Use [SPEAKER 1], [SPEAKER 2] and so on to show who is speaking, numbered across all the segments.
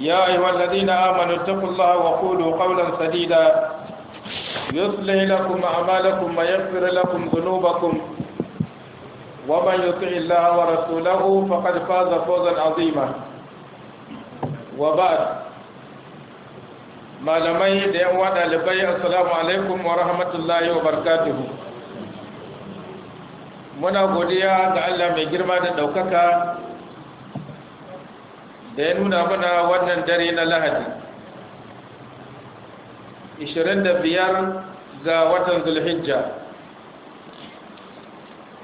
[SPEAKER 1] يا أيها الذين آمنوا اتقوا الله وقولوا قولا سديدا يصلح لكم أعمالكم ويغفر لكم ذنوبكم ومن يطع الله ورسوله فقد فاز فوزا عظيما وبعد malamai da yan wada libai assalamu alaikum wa rahmatullahi wa barakatuhu muna godiya ga Allah mai girma da ɗaukaka da ya nuna mana wannan dare na lahadi 25 ga watan zulhijja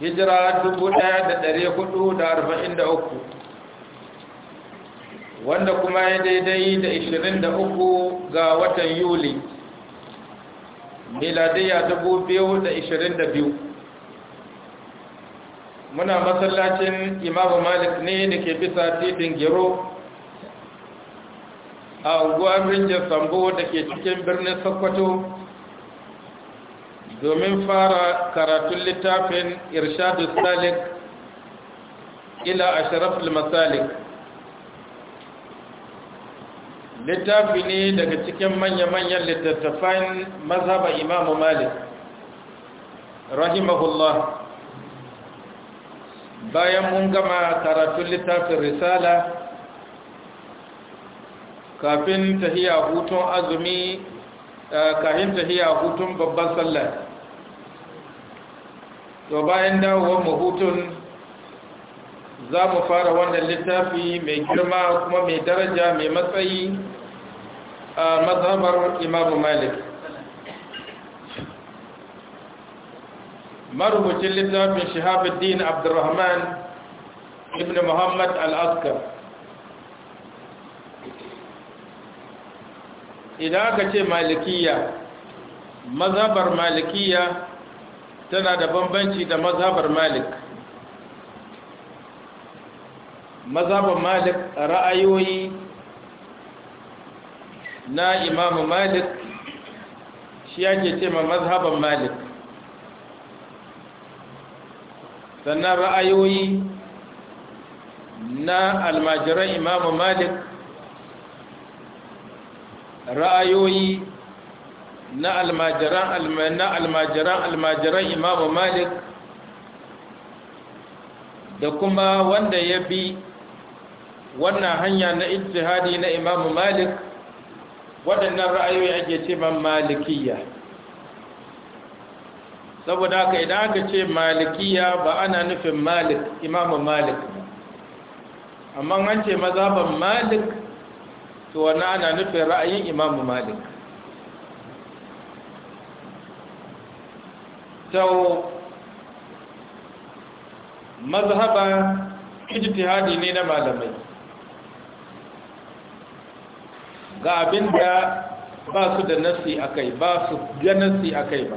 [SPEAKER 1] hijira 1443 wanda kuma ya daidai da 23 ga watan yuli miladiya 2022 muna masallacin imamu malik ne da ke bisa titin gero a unguwar rinjar sambo da ke cikin birnin sokoto domin fara karatun littafin irshadu salik ila ashraful masalik littafi ne daga cikin manya-manyan littattafan mazhaba imamu malik rahimahullah bayan mun gama karatun littafin risala kafin tahiya hutun azumi eh, kafin tahiya hutun babban sallah to bayan dawowar mu hutun za mu fara wannan littafi mai girma kuma mai daraja mai matsayi a mazhabar imamu malik marubucin littafin shahabuddin abdurrahman ibn muhammad al-askar idan aka ce malikiya mazhabar malikiya tana da bambanci da mazhabar malik mazhabar malik ra'ayoyi na imamu malik shi ake ce ma mazhabar malik sannan ra'ayoyi na almajiran imamu malik ra'ayoyi na almajiran almajiran almajiran imamu malik da kuma wanda ya bi wannan hanya na ijtihadi na imamu malik waɗannan ra'ayoyi ake ce man malikiya saboda haka idan aka ce malikiya ba ana nufin malik imamu malik amma an ce mazaban malik to wannan ana nufin ra'ayin imamu malik to mazhaba ijtihadi ne na malamai ga abin da ba su da nasi akai ba su ga nasi akai ba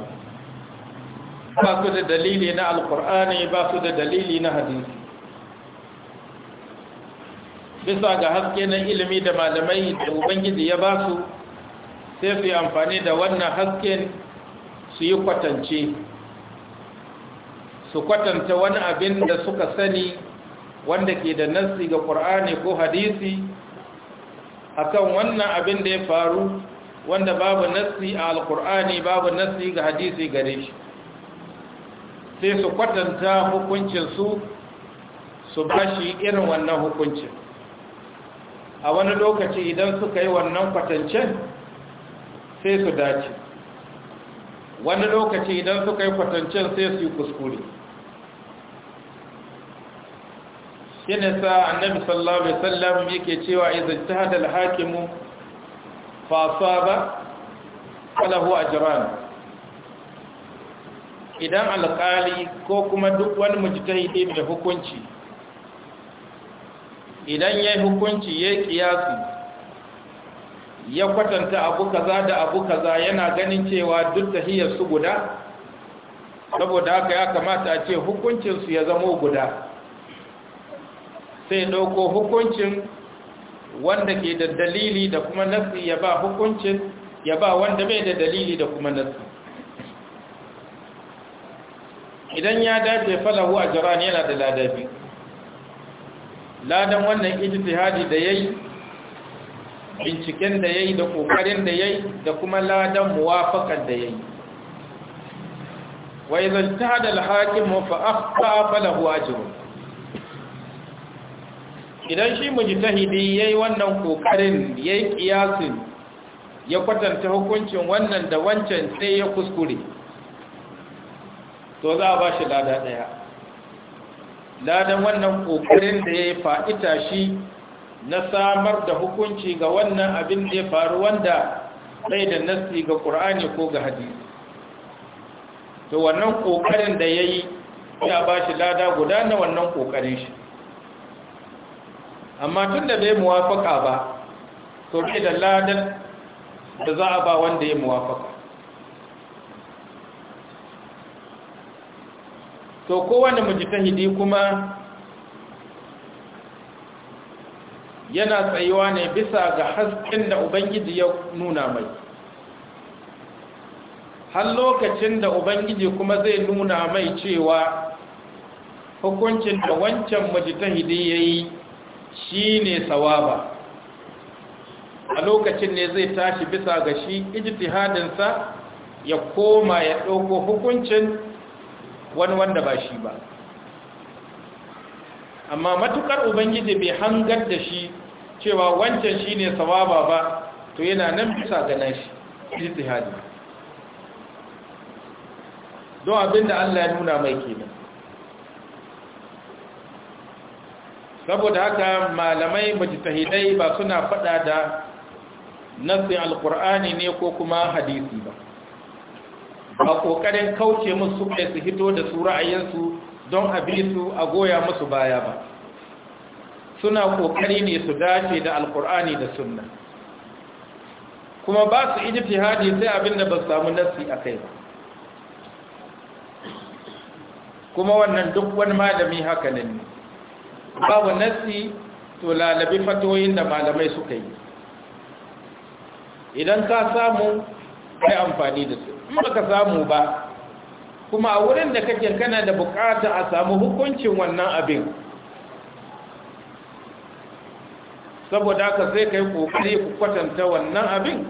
[SPEAKER 1] ba su da dalili na alkur'ani ba su da dalili na hadisi bisa ga haske na ilimi da malamai da ubangiji ya ba su sai su yi amfani da wannan hasken su yi kwatance su kwatanta wani abin da suka sani wanda ke da nassi ga ƙur'ani ko hadisi akan wannan abin da ya faru wanda babu nassi a alƙur'ani babu nassi ga hadisi gare shi sai su kwatanta hukuncinsu su ba shi irin wannan hukuncin a wani lokaci idan suka yi wannan kwatancen sai su dace wani lokaci idan suka yi kwatancen sai su yi kuskure shi ne sa annabi sallallahu alaihi wasallam yake cewa idan tahada al-hakimu fa asaba falahu ajran idan alƙali ko kuma duk wani mujtahidi mai hukunci idan ya yi hukunci ya kiyasi ya kwatanta abu kaza da abu kaza yana ganin cewa duk tahiyar su guda saboda haka ya kamata a ce hukuncinsu ya zamo guda sai ɗauko hukuncin wanda ke da dalili da kuma nasi ya ba hukuncin ya ba wanda bai da dalili da kuma nasi idan ya dace falahu a jiran yana da ladabi ladan wannan ijtihadi da yayi binciken da yayi da kokarin da yayi da kuma ladan muwafakan da yayi wa idza ijtahada al-hakim fa akhta falahu ajrun idan shi mujtahidi yayi wannan kokarin yayi kiyasin ya kwatanta hukuncin wannan da wancan sai ya kuskure to za a ba shi lada daya ladan wannan kokarin da ya fa'ita shi na samar da hukunci ga wannan abin da ya faru wanda bai da nasi ga ƙur'ani ko ga hadisi to wannan kokarin da ya yi ya ba shi lada guda na wannan kokarin shi amma tun da bai muwafaka ba to ke da ladan da za a ba wanda ya muwafaka to kowane mujtahidi kuma yana tsayuwa ne bisa ga hasken da ubangiji ya nuna mai har lokacin da ubangiji kuma zai nuna mai cewa hukuncin da wancan mujtahidi yayi shine sawaba a lokacin ne zai tashi bisa ga shi sa ya koma ya ɗauko hukuncin wani wanda ba shi ba amma matukar ubangiji bai hangar da shi cewa wancan shi ne sawaba ba to yana nan bisa ga nashi ijtihadi don abinda Allah ya nuna mai kenan saboda haka malamai mujtahidai ba suna fada da nasi alqur'ani ne ko kuma hadisi ba a ƙoƙarin kauce musu ɗaya su hito da su ra'ayinsu don a bi su a goya musu baya ba suna ƙoƙari ne su dace da Alƙur'ani da sunna kuma ba su ijtihadi sai abin da ba su samu nassi kai ba kuma wannan duk wani malami haka nan ne babu nassi to lalabi fatoyin da malamai suka yi idan ka samu kai amfani da in baka samu ba kuma a wurin da kake kana da bukata a samu hukuncin wannan abin saboda haka sai kai kokari ku kwatanta wannan abin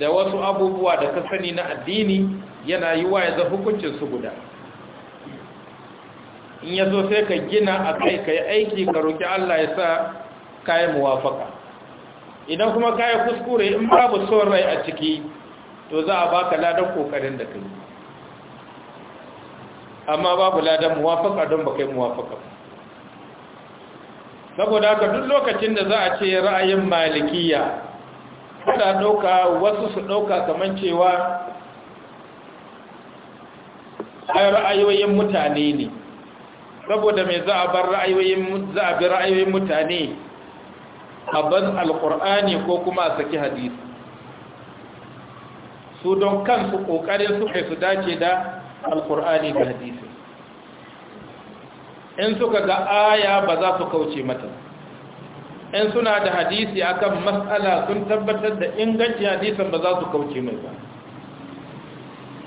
[SPEAKER 1] da wasu abubuwa da ka sani na addini yana yi wa yanzu hukuncin su guda in ya zo sai ka gina a kai ka yi aiki ka roƙi Allah ya sa kayan muwafaka idan kuma kayan kuskure in babu son rai a ciki to za a baka ladan kokarin da kai amma babu ladan muwafaka don baka yi muwafaka saboda haka duk lokacin da za a ce ra'ayin malikiya kuna ɗauka wasu su ɗauka kamar cewa ra'ayoyin mutane ne saboda mai za a bar ra'ayoyin za a bi ra'ayoyin mutane a ban alkur'ani ko kuma a saki hadisi su don kansu ƙoƙarin kai su dace da alkur'ani da hadisi in suka ga aya ba za su kauce mata in suna da hadisi akan matsala sun tabbatar da ingancin hadisan ba za su kauce mai ba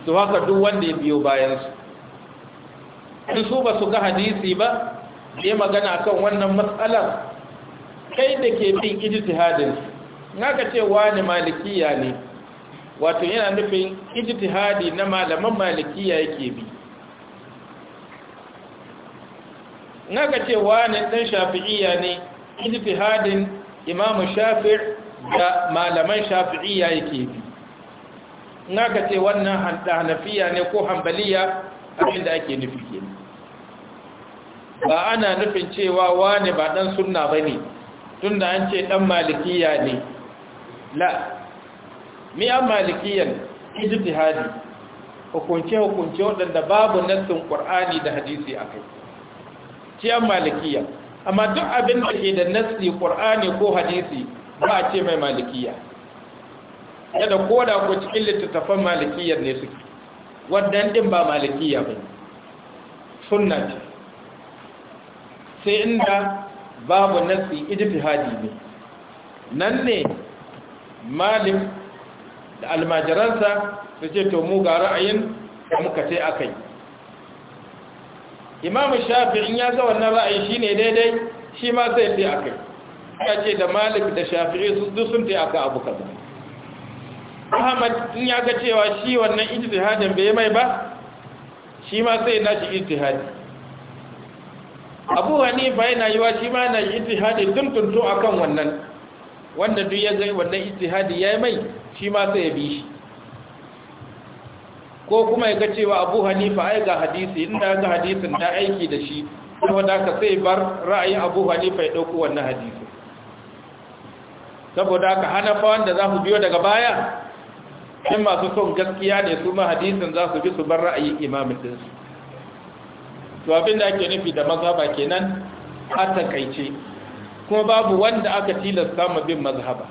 [SPEAKER 1] su haka duk wanda ya biyo bayansu in su ba su ga hadisi ba ya magana akan wannan matsalar kai da ke bin ijtihadin naka ce wani malikiya ne wato yana nufin ijtihadi na malaman malikiya yake bi naga cewa ne dan shafi'iyya ne ijtihadin imamu shafi' da malaman shafi'iyya yake bi naga ce wannan hanafiya ne ko hanbaliya abinda ake nufi kenan ba ana nufin cewa wane ba dan sunna bane tunda an ce dan malikiya ne la mi an malikiyan ijtihadi hukunce hukunce waɗanda babu nassin qur'ani da hadisi akai ci an malikiya amma duk abin da ke da nassi qur'ani ko hadisi ba a ce mai malikiya yadda koda ko cikin littattafan malikiyar ne suke wannan ɗin ba malikiya ba sunna ce sai inda babu nassi ijtihadi ne nan ne malik da almajiransa su ce to mu ga ra'ayin da muka ce akai Imam'u imam shafi'in ya ga wannan ra'ayi shine daidai shi ma zai ce akai ya ce da malik da shafi'i su duk sun ce aka abu kaza ahmad in ya ga cewa shi wannan ijtihadin bai mai ba shi ma sai na shi ijtihadi abu hanifa yana wa shi ma na ijtihadi dun tuntu akan wannan wanda duk ya ga wannan ijtihadi yayi mai shi ma sai ya bi shi ko kuma ya ga cewa abu hanifa ai ga hadisi inda ga hadisin ta aiki da shi kuma da ka sai bar ra'ayin abu hanifa ya ɗauku wannan hadisi saboda hana hanafa wanda za su biyo daga baya in masu son gaskiya ne su ma hadisin za su bi su bar ra'ayin imamin to abin da ake nufi da mazhaba kenan a takaice kuma babu wanda aka tilasta mu bin mazhaba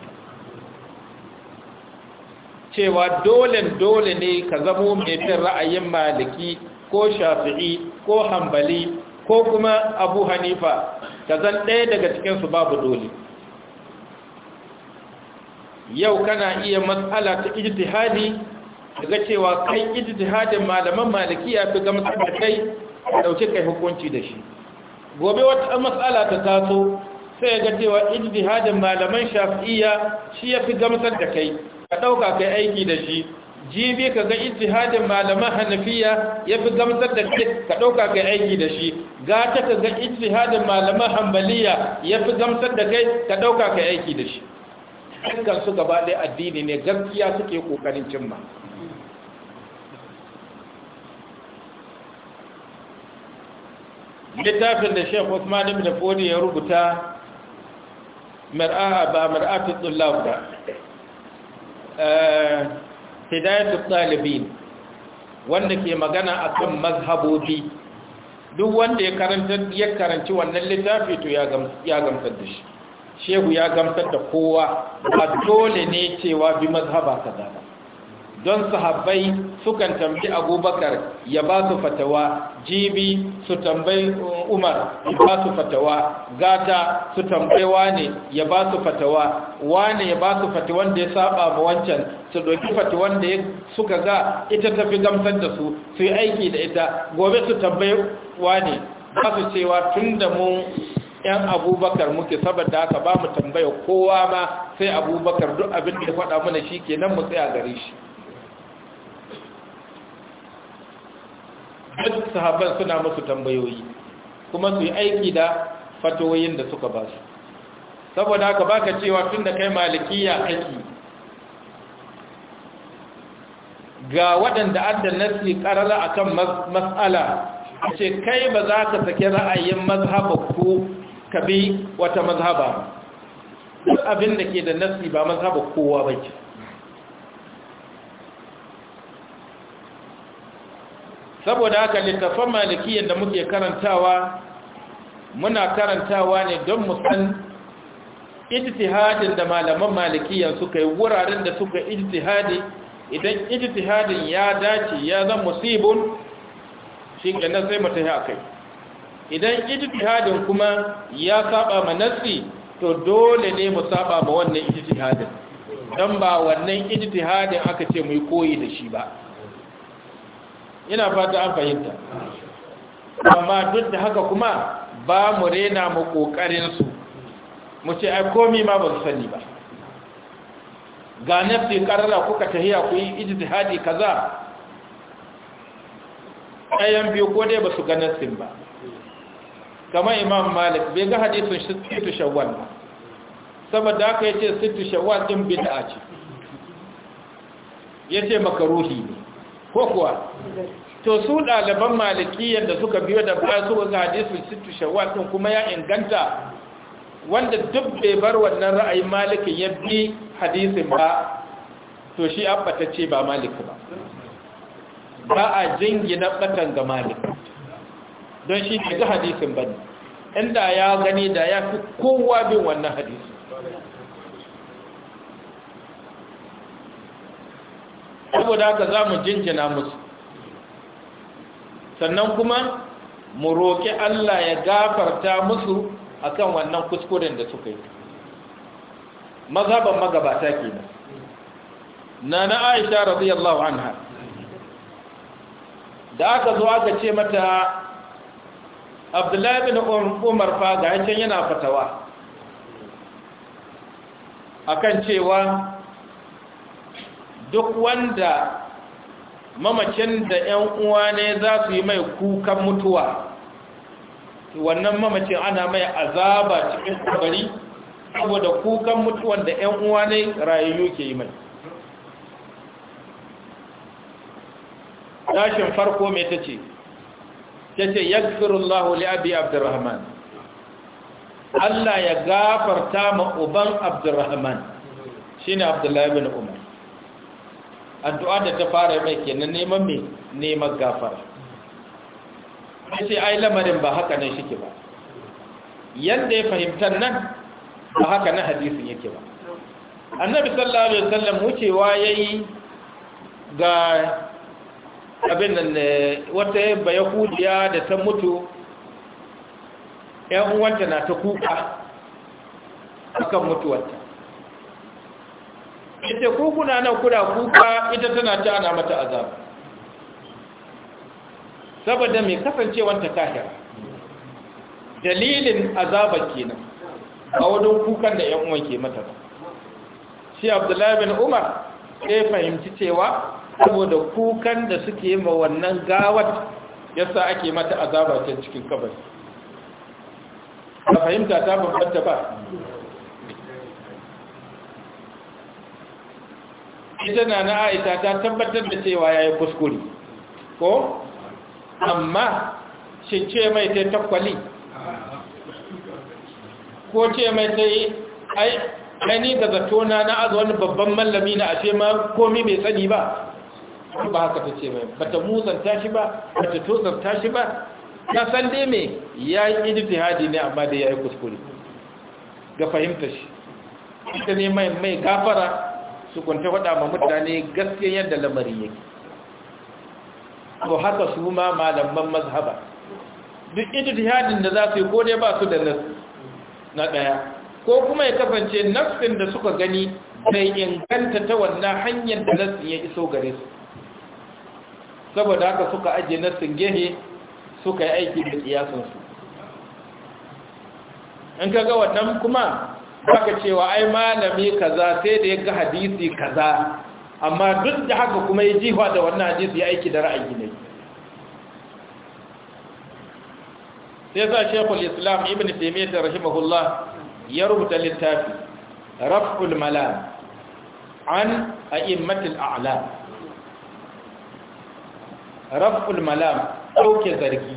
[SPEAKER 1] cewa dole dole ne ka zamo mai bin ra'ayin maliki ko shafi'i ko hambali ko kuma abu hanifa ka zan ɗaya daga cikinsu babu dole yau kana iya matsala ta ijtihadi daga cewa kai ijtihadin malaman ya fi gamsa da kai ɗauki kai hukunci da shi gobe wata matsala ta taso sai ga cewa ijtihadin malaman shafi'iyya shi ya fi gamsar da kai ka ɗauka kai aiki da shi jibi ka ga ijtihadin malaman hanafiya ya fi gamsar da kai ka ɗauka kai aiki da shi gata ka ga ijtihadin malaman hanbaliya ya fi gamsar da kai ka ɗauka kai aiki da shi dukkan su gaba ɗaya addini ne gaskiya suke kokarin cimma littafin da shek Usman ibn Fodi ya rubuta mar'a ba mar'atu tullab da hidayatul talibin wanda ke magana akan mazhabobi duk wanda ya karanta ya karanci wannan littafi to ya gamsar da shi shehu ya gamsar da kowa ba dole ne cewa bi mazhaba ta dama don sahabbai sukan tambi abubakar ya ba su fatawa jibi su tambayi uh, umar ya ba su fatawa gata su tambayi wane ya ba su fatawa wane ya ba su fatawan da ya saba ma wancan su ɗauki fatawan da suka ga ita tafi gamsar da su su yi aiki da ita gobe su tambayi wane ba su cewa tun da mu yan abubakar muke saboda haka ba mu tambaya kowa ma sai abubakar duk abin da ya faɗa mana shi kenan mu tsaya gare shi
[SPEAKER 2] duk sahabban
[SPEAKER 1] suna musu tambayoyi kuma su yi aiki da fatoyin da suka ba su saboda haka baka cewa tun da kai malikiya aiki ga waɗanda adda nasi ƙarara a kan matsala a ce kai ba za ka sake ra'ayin mazhaba ko ka bi wata mazhaba duk abin da ke da nasi ba mazhaba kowa ba ke saboda haka littafan malikiyar da muke karantawa muna karantawa ne don musan ijtihadin da malaman malikiyar suka yi wuraren da suka ijtihadi idan ijtihadin ya dace ya zan musibun shi kenan sai mu tafi kai. idan ijtihadin kuma ya saba nasi, to dole ne mu saba ma wannan ijtihadin don ba wannan ijtihadin aka ce mu koyi da shi ba ina fata an fahimta amma duk da haka kuma ba mu rena mu kokarinsu mu ce ai komi ma ba su sani ba ga nafsi karara kuka tahiya ku yi ijtihadi kaza ayan biyu ko dai ba su ga nafsin ba kamar imam malik bai ga hadisin sittu shawwal ba saboda haka yace sittu shawwal din bid'a ce yace makaruhi ne ko kuwa to su ɗaliban malikiyar da suka biyo da ba su ga hadisun sittu shawwal kuma ya inganta wanda duk bai bar wannan ra'ayin malikin ya bi hadisin ba to shi abbatacce ba maliki ba ba a jingina ɓatan ga maliki don shi ga hadisin ne inda ya gani da ya fi kowa bin wannan hadisun saboda haka za mu jinjina musu sannan kuma mu roƙi Allah ya gafarta musu akan wannan kuskuren da suka yi mazaban magabata kenan nana Aisha radiyallahu anha da aka zo aka ce mata Abdullahi bin um-, Umar fa ga yana fatawa akan cewa duk wanda mamacin da 'yan uwa ne za su yi mai kukan mutuwa wannan mamacin ana mai azaba cikin kabari saboda kukan mutuwan da 'yan uwa ne rayuwa ke yi mai tashin farko mai ta ce ta ce ya gafirullahu li'abi abdurrahman Allah ya gafarta ma uban abdurrahman shi ne abdullahi bin umar addu'a da ta fara mai kenan neman mai neman gafara sai ai lamarin ba haka nan shike ba yanda ya fahimtar nan ba haka nan hadisin yake ba annabi sallallahu alaihi wasallam wucewa yayi ga abin nan eh, wata ba da ta mutu ƴan uwanta na ta kuka akan mutuwarta ita ku kuna nan kuna kuka ita tana ta ana mata azab saboda mai kasancewar ta kahira dalilin azaba kenan a wadun kukan da yan uwan ke mata ba shi abdullahi bin umar sai fahimci cewa saboda kukan da suke ma wannan gawar yasa ake mata azaba ta cikin kabari ka fahimta ta bambanta ba ita na na aisha ta tabbatar da cewa ya yi kuskure ko amma shi ce mai ta takwali ko ce mai ta yi aini da zatona na azu wani babban mallami na ashe ma komi bai tsani ba ba haka ta ce mai bata musan tashi ba bata tosar shi ba na san dai mai ya yi ijtihadi ne amma da ya yi kuskure ga fahimta shi ita ne mai gafara tukunta faɗa ma mutane gaske yadda lamari yake to haka su ma malaman mazhaba duk jihadin da za su yi ko dai ba su da nas na ɗaya, ko kuma ya kasance nafsin da suka gani bai inganta ta wannan hanyar da nasin ya iso gare su saboda haka suka ajiye nasin gehe suka yi aiki da tsiyasansu in kaga ga wannan kuma baka cewa ai malami kaza sai da ya ga hadisi kaza amma duk da haka kuma ya jifa da wannan hadisi ya aiki da ra'ayi ne sai sa shekul islam ibn taimiyya rahimahullah ya rubuta littafi raf'ul malam an a'immatul ala. raf'ul malam dauke zargi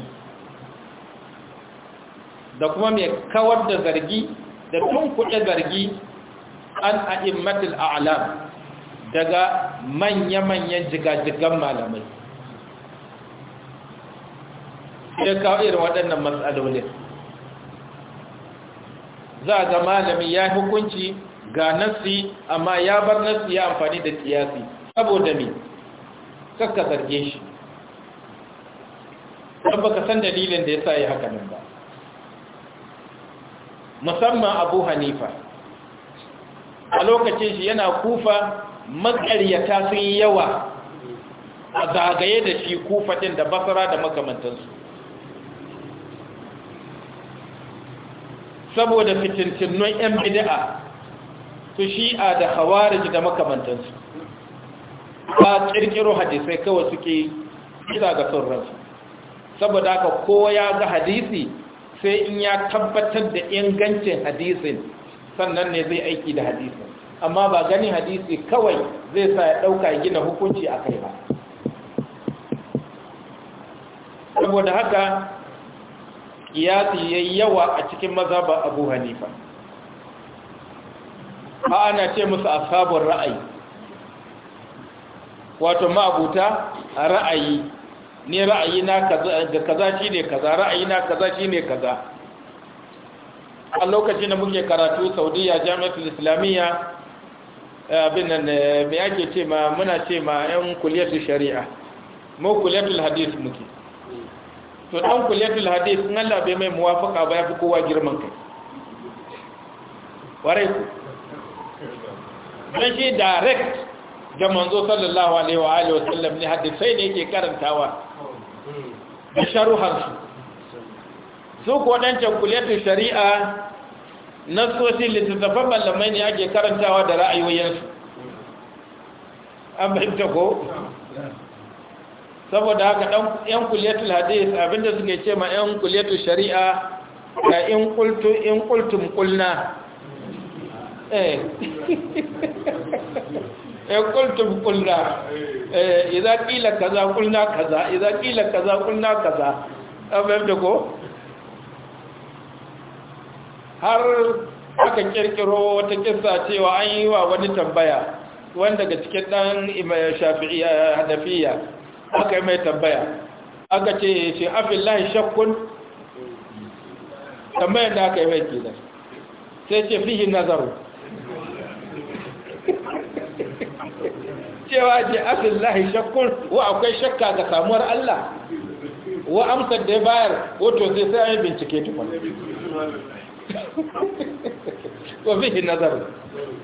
[SPEAKER 1] da kuma mai kawar da zargi da tun kuɗe zargi an a'immatul a'lam daga manya-manyan jigajigan malamai ya kawo irin waɗannan matsalolin za a ga malami ya hukunci ga nasi amma ya bar nasi ya amfani da kiyasi saboda me kakka zarge shi don baka san dalilin da ya sa yi haka nan ba musamman abu hanifa a lokacin shi yana kufa makaryata sun yi yawa a zagaye da shi ɗin da basara da makamantansu saboda fitintinnon 'yan bid'a su shi'a da hawarij da makamantansu ba kirkiro hadisai kawai suke gida ga son ransu saboda haka kowa ya ga hadisi sai in ya tabbatar da ingancin hadisin sannan ne zai aiki da hadisin amma ba ganin hadisi kawai zai sa ya ɗauka gina hukunci a kai ba saboda haka kiyasi ya yi yawa a cikin mazaba abu hanifa ba ana ce musu sabon ra'ayi wato ma'abuta ra'ayi ne ra'ayi ga kaza shi ne kaza na kaza shi ne kaza a lokacin da muke karatu saudiya jami'atul islamiyya eh, abin nan eh, me yake ce ma muna ce ma yan kuliyatul shari'a mu kuliyatul hadith muke to dan kuliyatul hadith in Allah bai mai muwafaka ba yafi kowa girman kai ware ku
[SPEAKER 2] dan shi direct
[SPEAKER 1] da manzo sallallahu alaihi wa alihi wasallam ne hadisai ne yake karantawa da sharuharsu su ko dan cankuletin shari'a nasosin littattafan malamai ne ake karantawa da ra'ayoyinsu an fahimta ko saboda haka dan yan hadis abinda suke ce ma yan kuletin shari'a ka in kultu in kulna eh kultum eh, kulna eh, idza qila kaza kulna kaza idza qila kaza har aka kirkiro wata kissa cewa an yi wa wani tambaya wanda daga cikin dan shafi'iyya eh, hanafiya aka yi mai tambaya aka ce shi afillahi shakkun tambayar da aka yi mai kenan sai ce fihi nazaru cewa je lahi shakkun wa akwai shakka ga samuwar Allah wa amsar da ya bayar wato sai sai an yi bincike tukun wa bihi nazar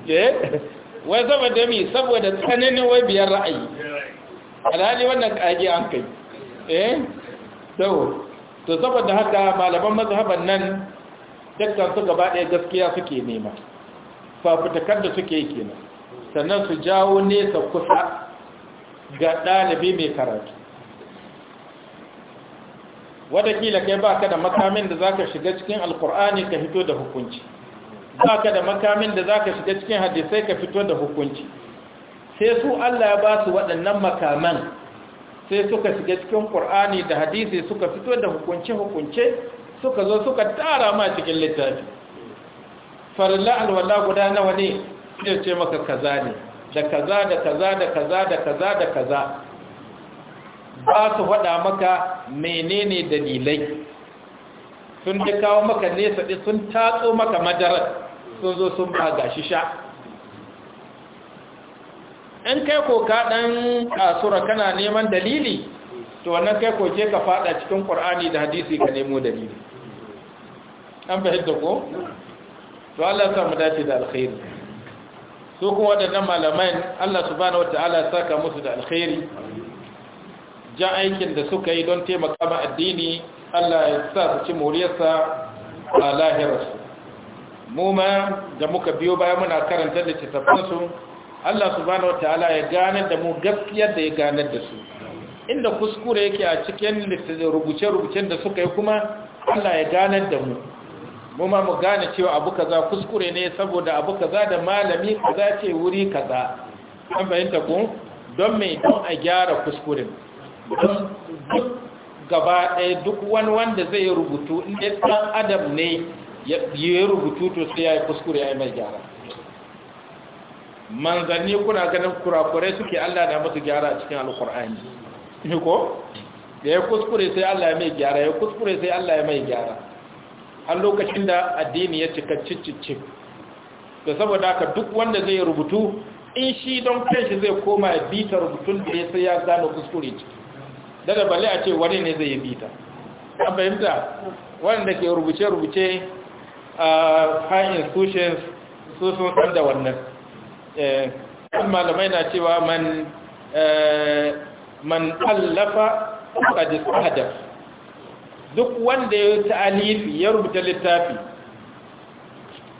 [SPEAKER 1] eh? wai zama da mi saboda tsananin wai biyar ra'ayi alhali wannan kage an kai eh to to saboda haka malaman mazhaban nan dukkan su gaba ɗaya gaskiya suke nema fafutakar da suke yi kenan sannan su jawo nesa kusa ga ɗalibi mai karatu watakila kai ba ka da makamin da za ka shiga cikin alkur'ani ka fito da hukunci ba ka da makamin da za ka shiga cikin hadisai ka fito da hukunci sai su allah ya ba su waɗannan makaman sai suka shiga cikin ƙur'ani da Hadisai suka fito da hukunce-hukunce suka zo suka tara ma cikin littafi farilla alwala guda nawa ne zai ce maka kaza ne da kaza da kaza da kaza da kaza da kaza ba su faɗa maka menene dalilai sun ji kawo maka nesa ɗi sun tatso maka madarar sun zo sun ba gashi sha in kai ko ka ɗan ƙasura kana neman dalili to wannan kai ko ce ka faɗa cikin ƙur'ani da hadisi ka nemo dalili an fahimta ko? to Allah sa mu dace da alkhairi su kuma waɗannan malamai Allah subhanahu wata'ala saka musu da alkhairi ja aikin da suka yi don taimaka ma addini Allah ya sa su ci moriyarsa a lahirarsu mu ma da muka biyo baya muna karanta littattafansu Allah subhanahu wata'ala ya ganar da mu gaskiyar da ya ganar da su inda kuskure yake a cikin rubuce-rubucen da suka yi kuma Allah ya ganar da mu mu ma mu gane cewa abu kaza kuskure ne saboda abu kaza da malami kaza ce wuri kaza an fahimta ku don mai don a gyara kuskuren don duk gaba ɗaya duk wani wanda zai rubutu inda ɗan adam ne ya rubutu to sai ya yi kuskure ya yi mai gyara manzanni kuna ganin kurakurai suke allah na musu gyara a cikin alkur'ani ne ko da ya kuskure sai allah ya mai gyara ya kuskure sai allah ya mai gyara har lokacin da addini ya cika ciccicci da saboda haka duk wanda zai rubutu in shi don kanshi zai koma ya bita rubutun da ya sai ya gano kuskure ciki daga bale a ce wani ne zai yi bita a fahimta wanda ke rubuce-rubuce a high institutions su sun san da wannan eh, kan malamai na cewa man eh, allafa a hadaf duk wanda ya ta'alifi ya rubuta littafi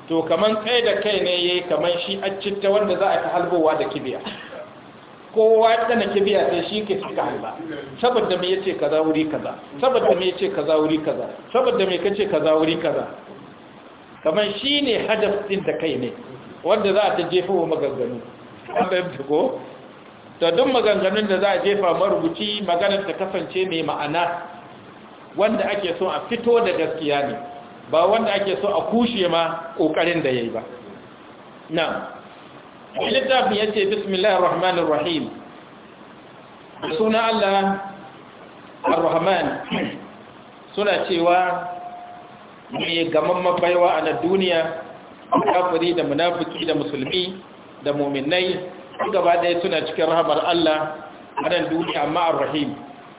[SPEAKER 1] to kaman kai da kai ne yayi kaman shi a citta wanda za a ta halbowa da kibiya kowa na kibiya sai shi ke suka halba saboda me yace kaza wuri kaza saboda me yace kaza wuri kaza saboda me kace kaza wuri kaza kaman shi ne hadaf din da kai ne wanda za a ta jefa wa maganganu an bayyana ko da duk maganganun da za a jefa marubuci maganar ta kasance mai ma'ana wanda ake so a fito da gaskiya ne ba wanda ake so a kushe ma kokarin da yayi ba na littafin yace bismillahir rahmanir rahim suna Allah ar-rahman suna cewa mai gaman baiwa a na duniya kafiri da munafiki da musulmi da muminai gaba ɗaya suna cikin rahamar Allah a nan duniya amma ar-rahim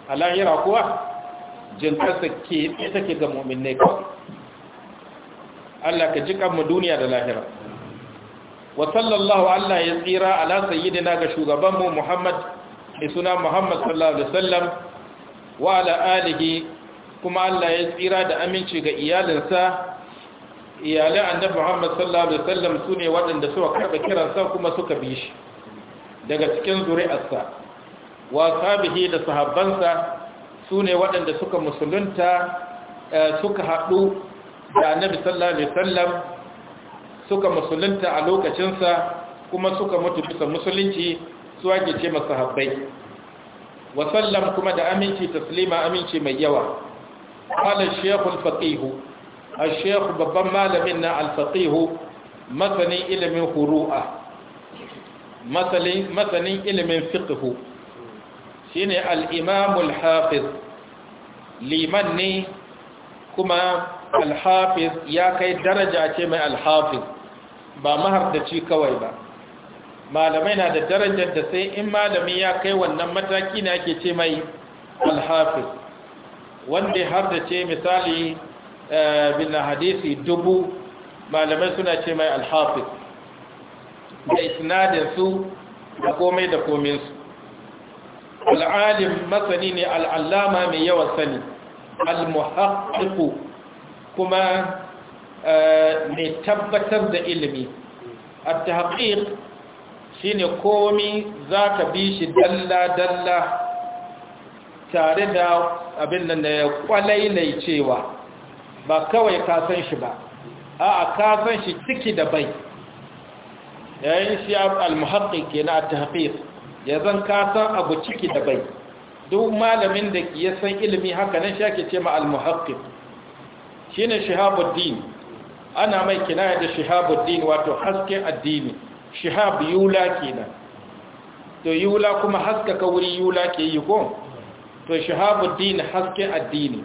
[SPEAKER 1] a lahira kuwa jin ita ke take ga ne kawai Allah ka ji kanmu duniya da lahira wa sallallahu Allah ya tsira ala sayyidina ga shugabanmu Muhammad mai suna Muhammad sallallahu alaihi wasallam wa ala alihi kuma Allah ya tsira da aminci ga iyalinsa iyalan annabi Muhammad sallallahu alaihi wasallam sune waɗanda suka karɓa kiransa kuma suka bi shi daga cikin zuri'arsa wa sabihi da sahabbansa su ne waɗanda suka musulunta eh, suka haɗu da annabi sallallahu alaihi wasallam suka musulunta a lokacinsa kuma suka mutu bisa musulunci su ake ce masahabbai wa kuma da aminci taslima aminci mai yawa qala shaykh al-faqih al-shaykh babban malamin na al-faqih masanin ilimin furu'a masanin ilimin fiqh shine al-imamul hafiz liman ne kuma alhafiz ya kai daraja ce mai al ba mahardaci kawai ba malamai na da darajar da sai in malami ya kai wannan mataki ne ake ce mai al Wanda wanda ya ce misali eh, bin hadisi dubu malamai suna ce mai al-hafiz da su da komai da kominsu al'alim masani ne al'allama mai yawan sani al kuma eh, mai tabbatar da ilimi at-tahqiq shine komi zaka bi shi dalla dalla tare da abin da ya kwalailai cewa ba kawai ka san shi ba a'a ka san shi ciki da bai yayin shi al-muhaqqiq na at ya zan kasan abu ciki da bai duk malamin da ya san ilimi haka nan shake ce ma al-muhaqqib shine shihabuddin ana mai kinaya da shihabuddin wato hasken addini shihab yula kenan to yula kuma haskaka wuri yula ke yi ko to shihabuddin hasken addini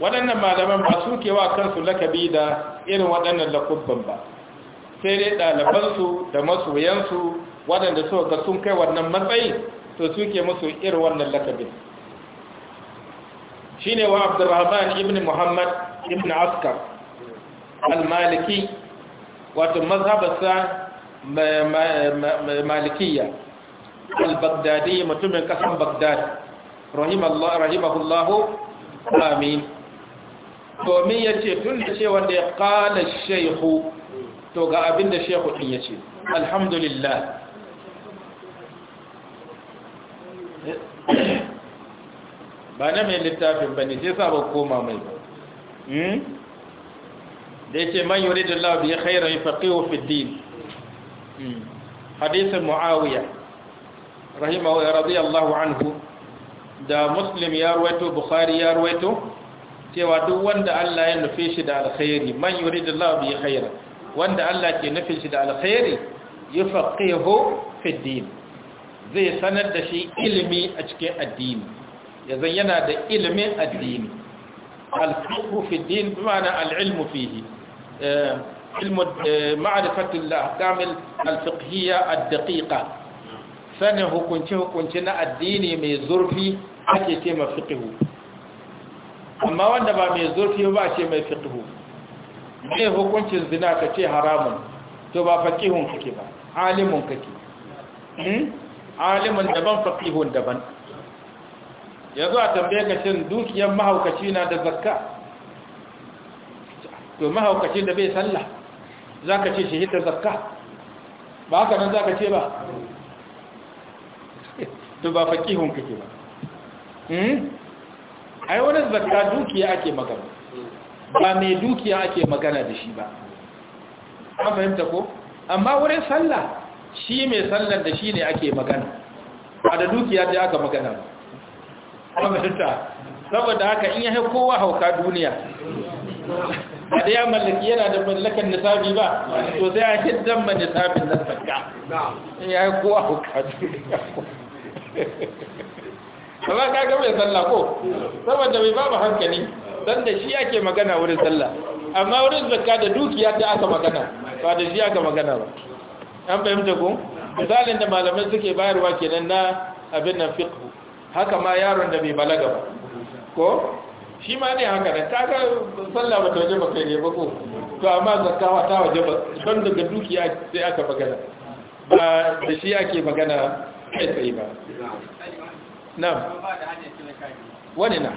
[SPEAKER 1] waɗannan malaman ba su kewa kansu lakabi da irin waɗannan lakubban ba sai dai ɗalibansu da masoyansu waɗanda suka ga sun kai wannan matsayi to suke musu irin wannan lakabin shine wa abdurrahman ibn muhammad ibn askar al-maliki wato mazhabarsa malikiya al-baghdadi mutumin kasan baghdad rahimahullahu amin domin ya ce tun da ce wanda ya kala shaihu to ga abin da shaihu ɗin ya ce alhamdulillah ba na mai littafin ba ne sai sa ba koma mai ba da ya ce man yi Allah laubi ya khairar faƙi wa fiddin hadisun mu'awiyya rahimahu ya radiyallahu anhu da muslim ya ruwaito bukhari ya ruwaito cewa duk wanda Allah ya nufi shi da alkhairi man yi yuridullahu bi khairin wanda Allah ke nufi shi da alkhairi faƙi wa din zai sanar da shi ilimi a cikin addini yanzu yana da ilimin addini al-fiqhu fi din bima'ana al-ilmu fihi eh, ilmu eh, ma'rifatu al-ahkam al-fiqhiyya ad-daqiqa sanin hukunci hukunci na addini mai zurfi ake ce ma fiqhu amma wanda ba mai zurfi ba ce mai fiqhu mai hukuncin zina ka ce haramun to ba faqihun kake ba alimun kake hmm? alimun daban faqihun daban yanzu a tambaye ka shin dukiyar mahaukaci na da zakka to mahaukaci da bai sallah za ka ce shi hita zakka ba haka nan za ka ce ba to ba fakihun kake ba hmm? ai wani zakka dukiya ake magana ba mai dukiya ake magana da shi ba an fahimta ko amma wurin sallah shi mai sallar da shi ne ake magana ba da dukiya da aka magana ba aminta saboda haka in ya kowa hauka duniya ba da ya mallaki yana da mallakan nisabi ba to sai a hiddan ma nisabin nan saka in ya kowa hauka duniya ba ka ga mai sallah ko saboda bai babu hankali dan da shi ake magana wurin sallah amma wurin zaka da dukiya ta aka magana ba da shi aka magana ba an fahimta ko misalin da malamai suke bayarwa kenan na abin nan fiqhu haka ma yaron da bai balaga ba ko shi ma ne haka da ga sallah ba ta waje ba kai ne ba ko to amma zakawa ta waje ba don daga dukiya sai aka magana ba da shi ake magana kai tsaye ba na wani na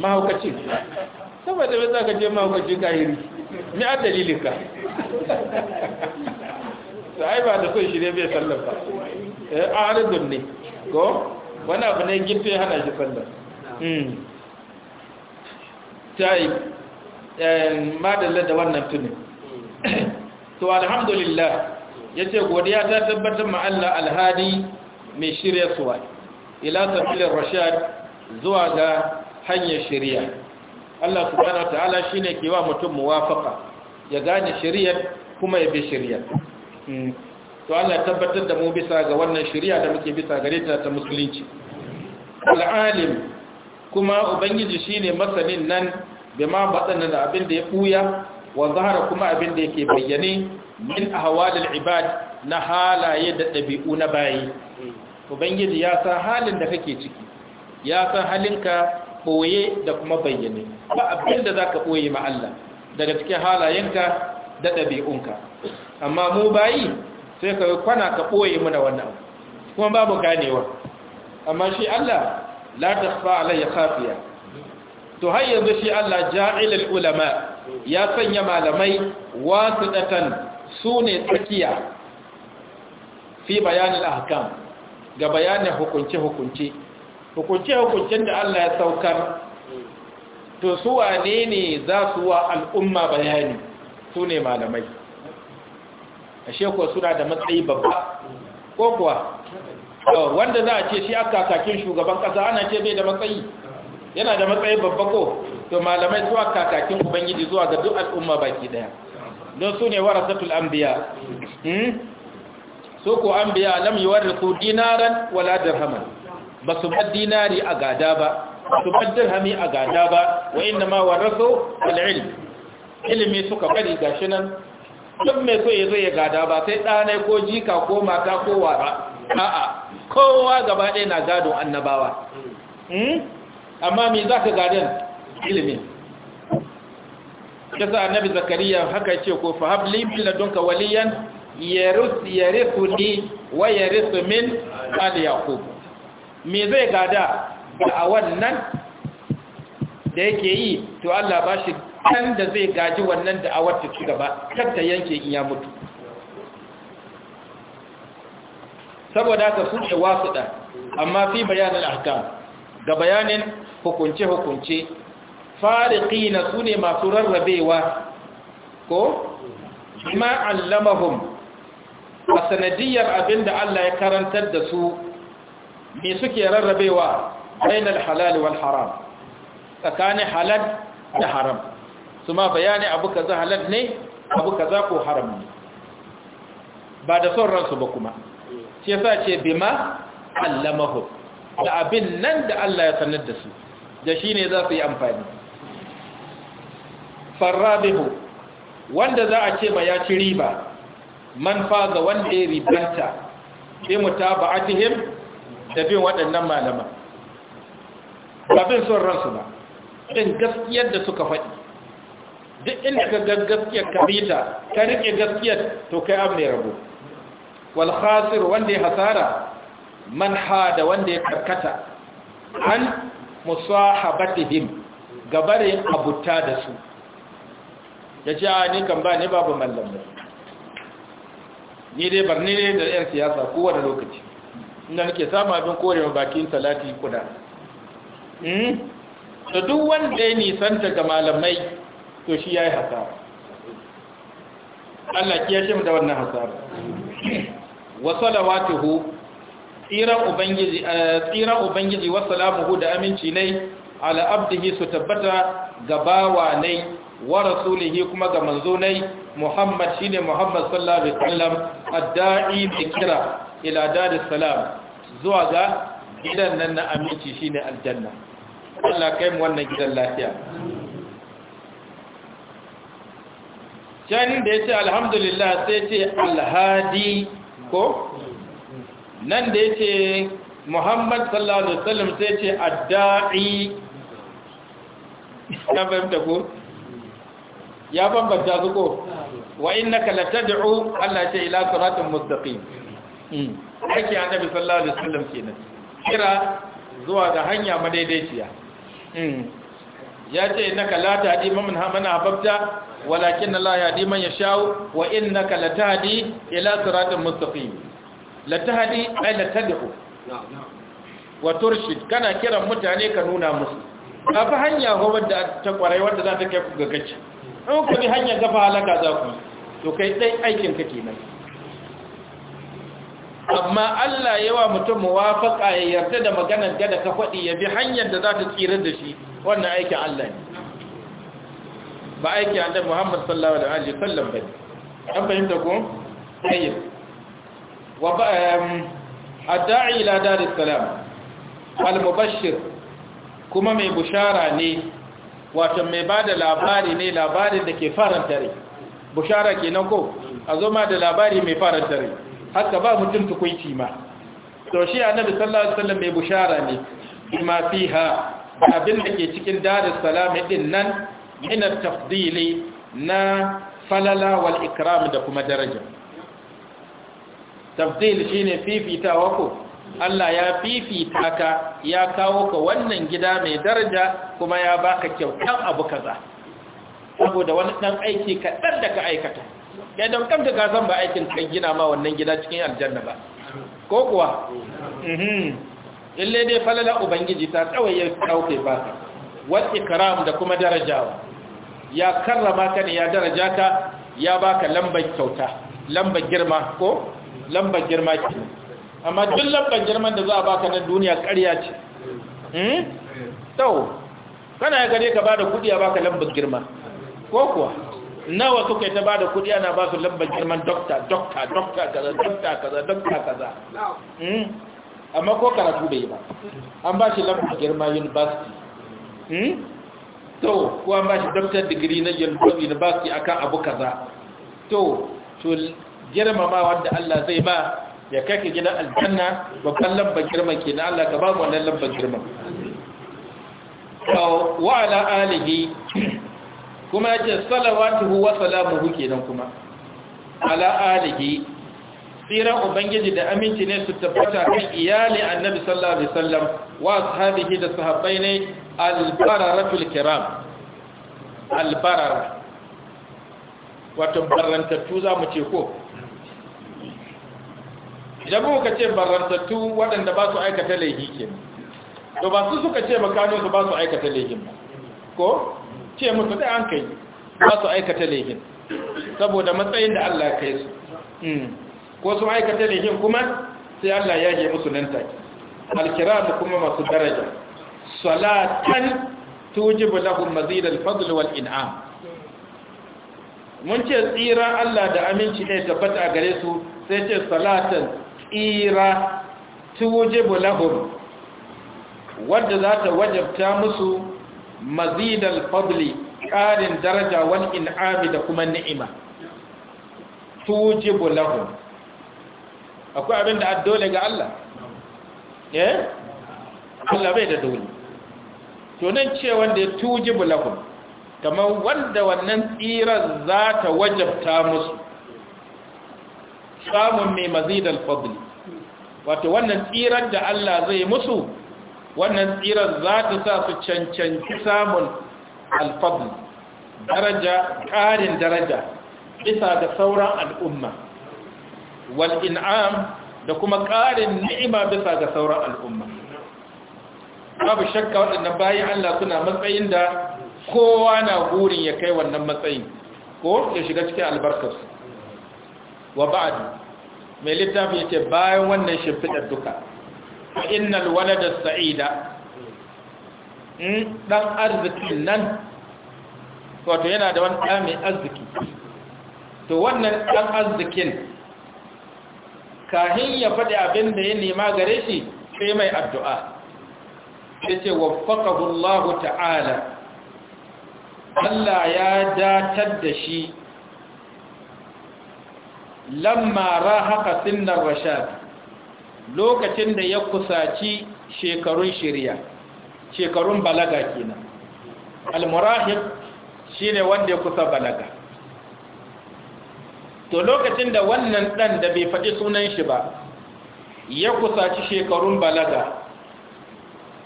[SPEAKER 1] mahaukacin saboda za ka je mahaukacin kahiri ni a dalilinka
[SPEAKER 2] to ai ba da son shi ne bai sallar ba eh
[SPEAKER 1] aridun ne ko wani abu ne gito ya hana shi sallar Ta hmm. yi eh, madalla da wannan tuni. to alhamdulillah yace godiya ta tabbatar ma Allah alhadi mai shirya suwa ila tafilin rashad zuwa ga hanyar shirya Allah subhanahu wa ta'ala shine ke wa mutum muwafaqa ya gane shari'a kuma ya bi shari'a Mm. to Allah tabbatar da mu bisa ga wannan shari'a da muke bisa gare ta ta musulunci al'alim kuma ubangiji shine masanin nan ma batsan da abin da ya buya wa zahara kuma abin da yake bayyane min ahwalil ibad na halaye da dabi'u na bayi ubangiji ya san halin da kake ciki ya san ka boye da kuma bayyane ba abin da zaka boye ma Allah daga cikin halayenka da ɗabi'unka amma mu bayi sai ka kwana ka ɓoye muna wannan kuma babu ganewa amma shi Allah la takhfa alayya khafiya to har yanzu shi Allah ja'ilul ulama ya sanya malamai wasidatan sune tsakiya fi bayanin ahkam ga bayanin hukunce hukunce hukunce hukuncen da Allah ya saukar to su wane ne za su wa al'umma bayani su ne malamai ashe kuwa suna da matsayi babba ko kuwa wanda za a ce shi aka kakin shugaban kasa ana ce bai da matsayi yana da matsayi babba ko to malamai zuwa kakakin ubangiji zuwa ga duk al'umma baki daya don su ne warasatul anbiya hmm? su ko anbiya lam yuwarrisu dinaran wala dirhaman ba su bar dinari a gada ba ba su bar dirhami a gada ba wa inna ma warasu al ilimi suka bari gashi nan duk mai so ya zo ya gada ba sai ɗanai ko jika ko mata ko wara a'a kowa gaba ɗaya na gadon annabawa hmm? amma me za ka gadon ilimin kasa annabi zakariya haka ce ko fahab limin ladunka waliyan yarisu ni wa yarisu min al-yaqub me zai gada da a wannan da yake yi to Allah ba shi ɗan da zai gaji wannan da'awar ta ci gaba kar ta yanke in ya mutu saboda ka su ce wasu ɗan amma fi bayanin ahkam ga bayanin hukunce-hukunce fariki na su ne masu rarrabewa ko ma allamahum a sanadiyar abinda Allah ya karantar da su me suke rarrabewa bainal halal wal haram tsakanin halal da haram su ma bayani abu kaza halal ne abu kaza ko haram ne ba da son ransu ba kuma shi yasa ce bima allamahu da abin nan da Allah ya sanar da su da shi ne za su yi amfani farrabihu wanda za a ce ma ya ci riba man faga wanda ya ribanta bi mutaba'atihim da bin waɗannan malaman ba bin son ransu ba bin gaskiyar da suka faɗi duk inda ka ga gaskiyar ka ka rike gaskiyar to kai abu ne rabu wal khasir wanda ya hasara man hada wanda ya karkata an musahabatihim gabare abuta da su ya ce a ni kan ba ni babu mallam ni dai barni ne da yan siyasa kowane lokaci inda nake samu abin korewa bakin talati kuda da hmm? duk wanda ya nisanta ga malamai to shi ya yi hasara Allah kiyashe mu da wannan hasara wa salawatuhu tsiran ubangiji wasu eh, ubangiji wa salamuhu da aminci ne al’abdihi su tabbata ga bawa ne wa rasulihi kuma ga manzo ne Muhammad shine Muhammad sallallahu alaihi wasallam adda'i bikira ila dar salam zuwa ga gidan nan na aminci shine aljanna Allah kai mu wannan gidan lafiya can da ya ce alhamdulillah sai ce alhadi ko nan da ya ce muhammad sallallahu alaihi wasallam sai ce adda'i na fahimta ko ya bambanta su ko wa innaka latad'u Allah ce ila siratin mustaqim hmm. ake annabi sallallahu alaihi wasallam kenan kira zuwa ga hanya madaidaiciya hmm. ya ce innaka kalata tahdi man hamana hababta walakin Allah yahdi man yashau wa innaka latahdi ila siratin mustaqim latahdi ay latad'u wa turshid kana kiran mutane ka nuna musu afi hanya ko wadda ta kwarai wadda za ta kai ku gagaci in ku bi hanya gafa halaka za ku to kai dai aikin ka kenan amma Allah ya wa mutum muwafaqa ya yarda da maganar da ka faɗi ya bi hanyar da za ta tsira da shi wannan aikin Allah ne ba aiki annabi Muhammad sallallahu alaihi wasallam ba an fahimta ko tayyib wa ba adda'i ila dar salam al mubashir kuma mai bushara ne wato mai bada labari ne labarin da ke faranta rai bushara kenan ko a zo ma da labari mai faranta haka ba mutum tukuici ma to shi annabi sallallahu alaihi wasallam mai bushara ne bima fiha abin da ke cikin darus salam din nan min at-tafdili na falala wal ikram da kuma daraja tafdil shine fifitawa ko Allah ya fifita ka ya kawo ka wannan gida mai daraja kuma ya baka kyautan abu kaza saboda wani dan aiki kaɗan da ka aikata
[SPEAKER 2] ya don kanta ka san ba aikin kai
[SPEAKER 1] gina ma wannan gida cikin aljanna ba ko kuwa mhm. illa dai falala ubangiji ta tsawaye kauke ba wa ikram da kuma darajawa ya karrama ka ne ya daraja ka ya baka lambar kyauta lambar girma ko lambar girma ke amma duk lambar girman da za a baka na duniya ƙarya ce hmm? tau kana ya gare ka ba da kudi a baka lambar girma ko kuwa nawa suka yi ta ba da kudi ana ba su lambar girman dokta dokta dokta kaza dokta kaza dokta kaza hmm? amma ko karatu bai ba an ba shi lambar girma university hmm? to kuwa ba shi doctor degree na university akan abu kaza to to girmama wanda Allah zai ba ya kai ka gidan aljanna babban lambar girma ke na Allah ka ba mu wannan lambar girma wa ala alihi kuma yace salawatuhu wa salamuhu kenan kuma ala alihi tsiran ubangiji da aminci ne su tabbata kan iyali annabi sallallahu alaihi wasallam wa ashabihi da sahabbai ne albarara fil kiram albarara wato barantattu za mu ce ko idan muka ce barantattu waɗanda ba su aikata laihi ke to ba su suka ce makanin su ba su aikata laihin ba ko ce musu da an kai ba su aikata laihin saboda matsayin da Allah ya kai su hmm. ko su aikata laihin kuma sai Allah ya yi musu nan take alkiramu kuma masu daraja salatan tujibu lahum mazid al-fadl wal in'am mun ce tsira Allah da aminci ne tabbata a gare su sai ce salatan tsira tujibu lahum wadda za ta wajabta musu mazid al-fadli ƙarin daraja wal in'ami da kuma ni'ima tujibu lahum akwai abin da dole ga Allah eh Allah bai da dole to nan ce wanda ya tujibu lahum kamar wanda wannan tsirar za ta wajabta musu samun mai mazidal fadli wato wannan tsirar da Allah zai musu wannan tsirar za ta sa su cancanci samun alfadl daraja ƙarin daraja bisa ga sauran al'umma wal in'am da kuma ƙarin ni'ima bisa ga sauran al'umma babu shakka waɗannan bayan Allah suna matsayin da kowa na gurin ya kai wannan matsayin ko ya shiga cikin albarkas wa ba'adu mai littafi ce bayan wannan shimfidar duka A innal da sa'ida in dan arzikin nan wato yana da wani ɗan mai arziki to wannan ɗan arzikin kahin ya faɗi abin da ya nema gare shi sai mai addu'a yace waffaqahu Allah ta'ala Allah ya datar da shi lamma haka sinar rashad lokacin da ya kusaci shekarun shirya shekarun balaga kenan shi shine wanda ya kusa balaga to lokacin da wannan dan da bai faɗi sunan shi ba ya kusaci shekarun balaga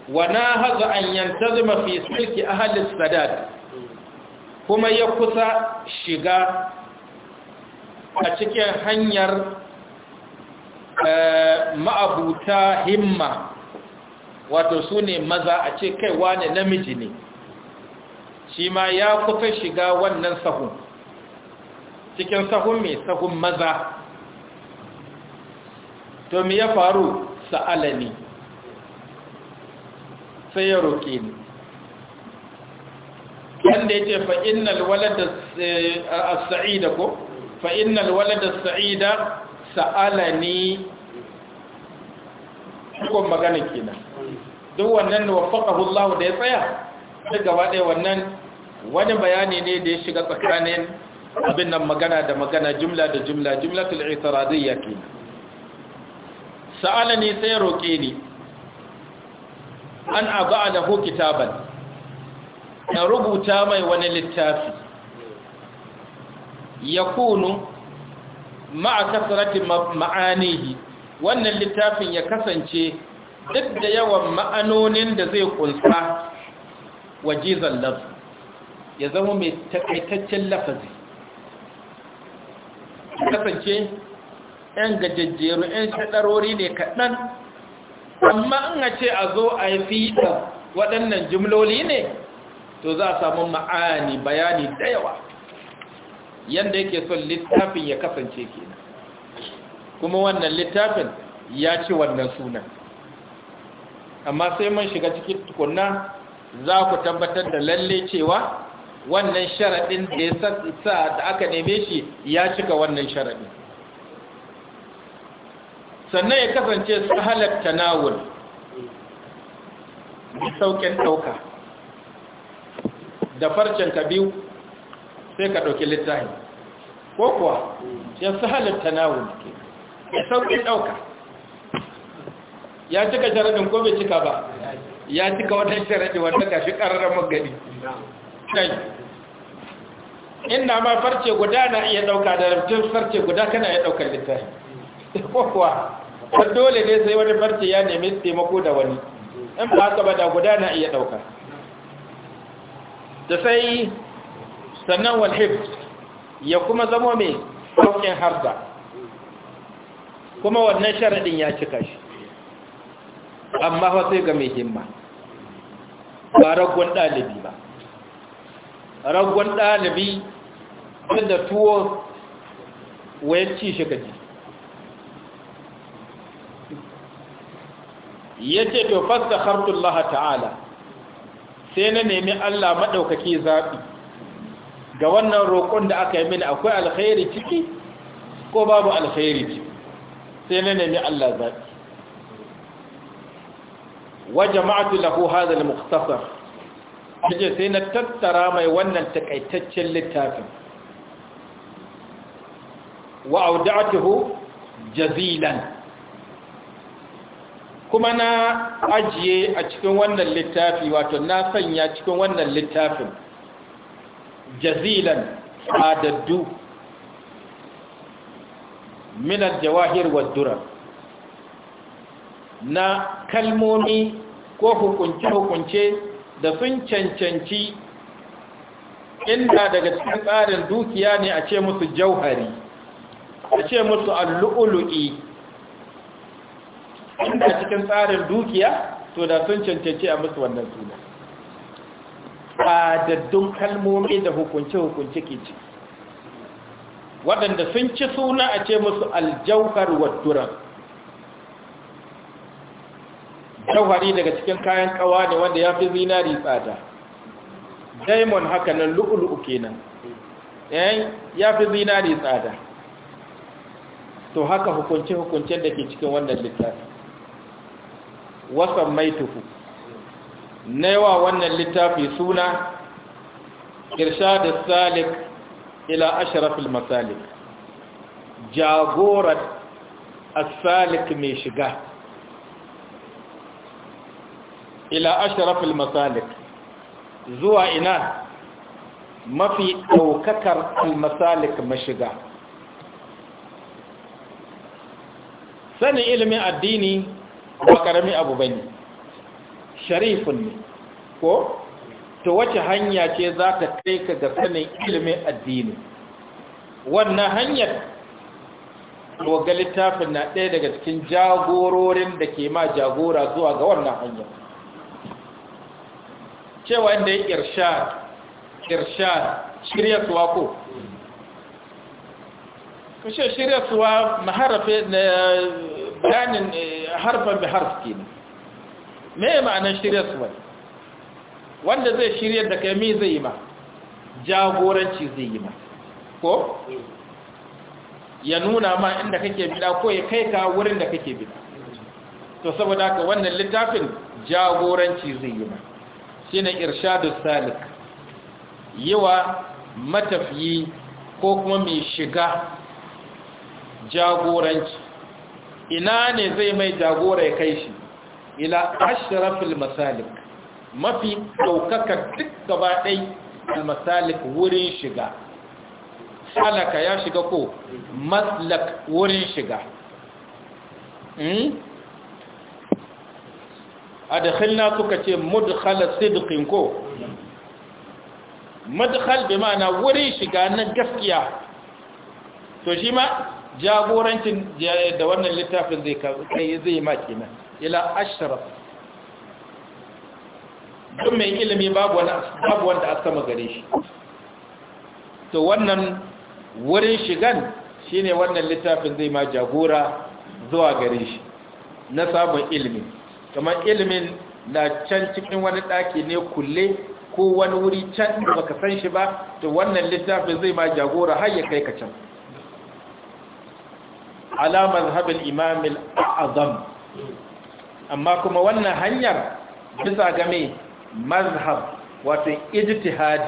[SPEAKER 1] wa haza an yantazima fi a ahli sadad kuma ya kusa shiga a cikin hanyar eh, ma'abuta himma wato su ne maza a ce kai wane namiji ne shi ma ya kusa shiga wannan sahun cikin sahun mai sahun maza to mi ya faru sa'alani sai ya roƙe ni wanda ya ce fa'innal walada eh, sa'ida ko fa'innal walada sa'ida sa'ala ni hukun magana kina, duk wannan da wafakahu Allah da ya tsaya duk gaba ɗaya wannan wani bayani ne da ya shiga tsakanin abin nan magana da magana jumla da jumla jumla jumlatul itiradiyya kenan sa'ala ni sai roƙe ni an a lahu kitaban na rubuta mai wani littafi ya kunu kasrati ma'anihi wannan littafin ya kasance duk da yawan ma'anonin da zai kunsa wajizan lafz ya zama mai takaitaccen lafazi kasance 'yan gajajjeru 'yan shaɗarori ne kaɗan amma in a ce a zo a yi fiɗa waɗannan jimloli ne to za a samu ma'ani bayani da yawa yadda yake son littafin ya kasance kenan kuma wannan littafin ya ci wannan sunan amma sai mun shiga cikin tukunna za ku tabbatar da lalle cewa wannan sharaɗin da ya sa da aka neme shi ya cika wannan sharaɗin sannan ya kasance sahalar tanawul da sauƙin ɗauka da farcen ka biyu sai ka ɗauki littafi ko kuwa ya sahalar tanawul ke da sauƙin ɗauka ya cika sharaɗin ko bai cika ba ya cika wata sharaɗi wanda ga shi ƙararren magani In inda ma farce guda na iya ɗauka da rabtun farce guda kana iya ɗaukar littafi kokuwa kan dole ne sai wani barci ya nemi taimako da wani in ba haka ba da guda na iya ɗauka da sai sannan walhib ya kuma zama mai saukin harda kuma wannan sharaɗin ya cika shi amma wasu ga mai himma ba ragon ɗalibi ba ragon ɗalibi wanda tuwo wayan ci shi gaji yace to fastakhartullaha ta'ala sai na nemi Allah maɗaukaki zaɓi, ga wannan roƙon da aka yi mini akwai alkhairi ciki ko babu alkhairi ciki sai na nemi Allah zaɓi. Waje jama'atu lahu hadha al-mukhtasar sai na tattara mai wannan takaitaccen littafin wa auda'atuhu jazilan kuma na ajiye a cikin wannan littafi wato na sanya cikin wannan littafin jazilan adaddu minar jawahir wadura na kalmomi ko hukunce-hukunce da sun cancanci inda daga cikin tsarin dukiya ne a ce musu jauhari a ce musu allu'ulu'i inda cikin tsarin dukiya to da sun cancanci a musu wannan suna A daddun kalmomi da hukunce-hukunce ke ci waɗanda sun ci suna a ce musu aljaukar watturan jauhari daga cikin kayan kawa ne wanda ya fi zinari tsada daimon haka nan lu'ulu'u kenan eh, ya fi zinari tsada to haka hukunce-hukuncen da ke cikin wannan littafi wasan maituhu na yawa wannan littafi suna da salik ila ashrafil masalik jagorar salik mai shiga ila ashrafil masalik zuwa ina mafi ɗaukakar almasalik mashiga sanin ilimin addini ba karami abu ne sharifin ne ko to wace hanya ce za ta kai ka ga sanin ilimin addini wannan hanyar ga littafin na ɗaya daga cikin jagororin da ke ma jagora zuwa ga wannan hanyar cewa inda ya ƙirsha shirya suwa ko shirya suwa maharafe na eh, bayanin eh, harfan bi harf ne. me ma'anar shiryarwa wanda zai shirya da kai zai yi ma jagoranci zai yi ma ko ya nuna ma inda kake bida ko ya kai ka wurin da kake bida to saboda haka wannan littafin jagoranci zai yi ma ne irshadu salik yiwa matafiyi ko kuma mai shiga jagoranci ina ne zai mai jagora ya kai shi ila ashrafil masalik mafi daukaka duk gaba ɗai masalik wurin shiga salaka ya shiga ko maslak wurin shiga hmm? adkhilna kuka ce mudkhal sidqin ko mudkhal bi ma'ana wurin shiga na gaskiya to shi ma jagorancin da wannan littafin zai kai zai ma kenan ila ashraf don mai ilimi babu wanda aka sama gare shi to wannan wurin shigan shine wannan littafin zai ma jagora zuwa gare shi na sabon ilimi kamar ilimin na can cikin wani daki ne kulle ko wani wuri can da baka san shi ba to wannan littafin zai ma jagora har ya kai ka can على مذهب الإمام الأعظم أما كما وانا هنير بزا جميع مذهب واتي اجتهاد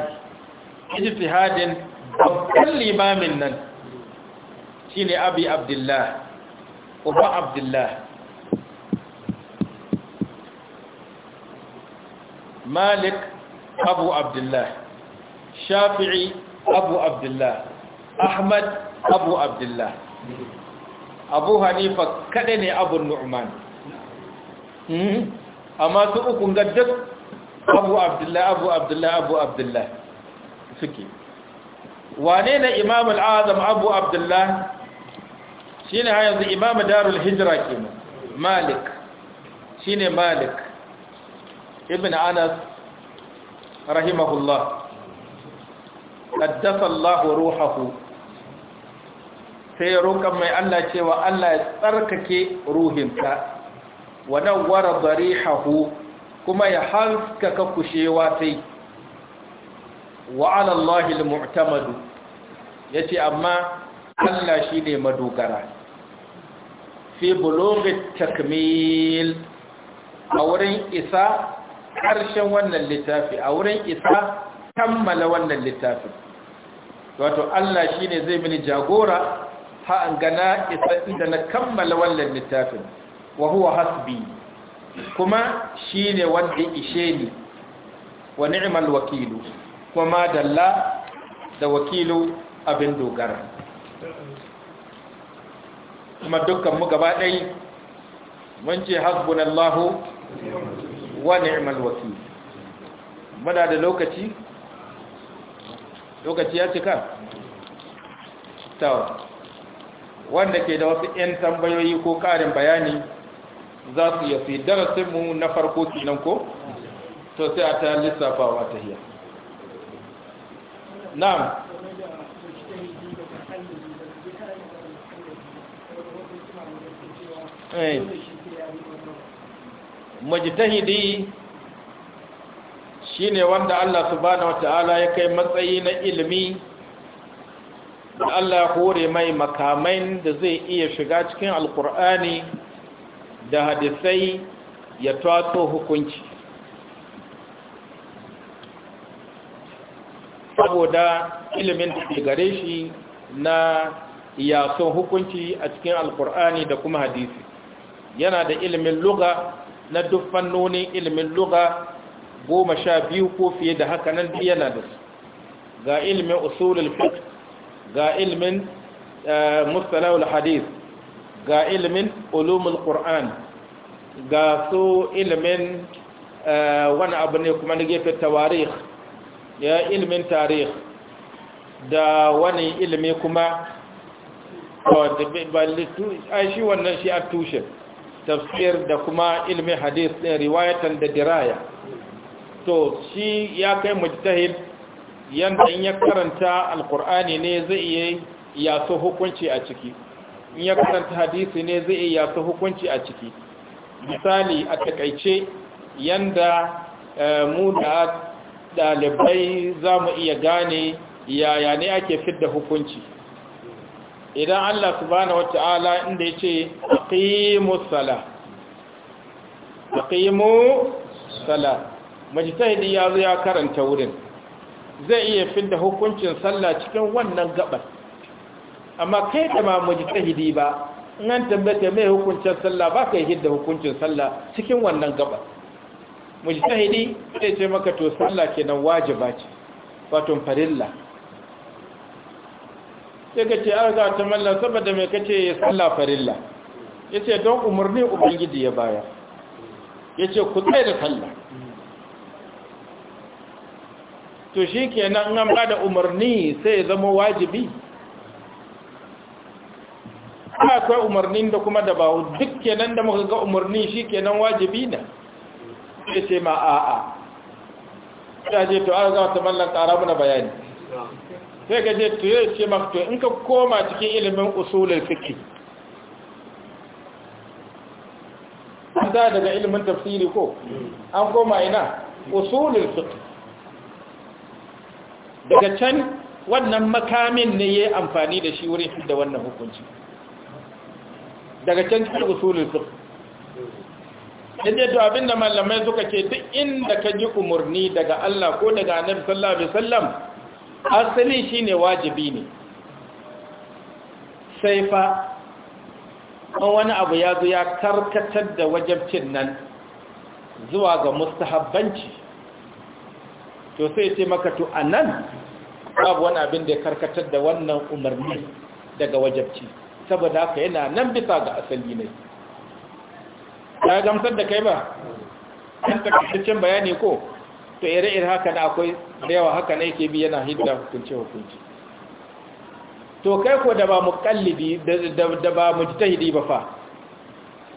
[SPEAKER 1] اجتهاد بكل إمام النن شيني أبي عبد الله أبا عبد الله مالك أبو عبد الله شافعي أبو عبد الله أحمد أبو عبد الله abu hanifa kada ne abu nu'man hmm? amma su uku ga duk abu abdullahi abu abdullahi abu abdullahi suke wane ne imam al'azam abu abdullahi shi ne yanzu imam darul hijira kenan malik shi ne malik ibn anas rahimahullah قدس الله روحه sai ya roƙa mai Allah cewa Allah ya tsarkake ruhinsa wa nawwara darihahu kuma ya haskaka kushewa sai wa ala Allah al-mu'tamadu yace amma Allah shine madogara fi bulughi takmil a wurin isa ƙarshen wannan littafi a wurin isa kammala wannan littafi wato Allah shine zai mini jagora ha an gana isa inda na kammala wannan littafin wa huwa hasbi kuma shi ne wanda ishe ni wa ni'mal wakilu kuma dalla da wakilu abin dogara kuma dukkan mu gaba ɗai mun ce hasbunallahu wa ni'mal wakilu muna da lokaci lokaci ya cika tawa wanda ke da wasu 'yan tambayoyi ko karin bayani za su yi fi darasinmu na farko kinan ko to sai a ta lissafawa ta hiya na'am eh. majtahidi shine wanda Allah subhanahu wataala ya kai matsayi na ilimi da Allah ya hore mai makamai da zai iya shiga cikin alkur'ani da hadisai ya tato hukunci saboda ilimin da gare shi na yason hukunci a cikin alkur'ani da kuma hadisi yana da ilimin luga na duk fannonin ilimin luga goma sha biyu ko fiye da haka nan yana da su ga ilimin usulul fiqh ga ilmin eh, mustalawul hadith ga ilmin ulumul qur'an ga su ilmin eh, wani abu ne kuma na gefe tawarih ya ilmin tarih da wani ilmi kuma oh, a shi wannan shi a tushe tafsir da kuma ilmin hadith ɗin eh, riwayatan da diraya to shi ya kai mujtahid yanda in ya karanta alkur'ani ne zai iya yaso hukunci a ciki in ya karanta hadisi ne zai iya yaso hukunci a ciki misali a takaice yanda eh, mu da dalibai za mu iya gane yaya ne ake fidda hukunci idan Allah subhanahu wata'ala inda ya ce sala aqimu sala mujtahidi ya zo ya karanta wurin zai iya da hukuncin sallah cikin wannan gabar amma kai da ma mu mujtahidi ba in an tabbata mai hukuncin sallah ba kai hidda hukuncin sallah cikin wannan gabar mujtahidi sai ce maka to sallah kenan wajiba ce wato farilla sai ka ce arga ta mallan saboda mai kace sallah farilla yace don umarni ubangiji ya baya yace ku tsaya da sallah to shi kenan an bada umarni sai ya zama wajibi kuma akwai umarnin da kuma da bawo duk nan da muka ga umarni shi nan wajibi na sai ce ma a'a ya je to an zama ta mallan ƙara muna bayani sai ka je to ya ce ma to in ka koma cikin ilimin usulul fiqh an da daga ilimin tafsiri ko an koma ina usulul fiqh daga can wannan makamin ne ya amfani da shi wurin da wannan hukunci daga can cikin usulul fiqh je to abinda malamai suka ce duk inda ka ji umurni daga Allah ko daga Annabi sallallahu alaihi wasallam asali shine wajibi ne sai fa wani abu ya zo ya karkatar da wajabcin nan zuwa ga mustahabbanci to sai ce maka to nan babu wani abin da ya karkatar da wannan umarni daga wajabci saboda haka yana nan bisa ga asali ne ya gamsar da kai ba an takaitaccen bayani ko to ire-ire haka na akwai da yawa haka na yake bi yana hidda hukunce hukunci to kai ko da ba mu muƙallidi da ba mu hidi ba fa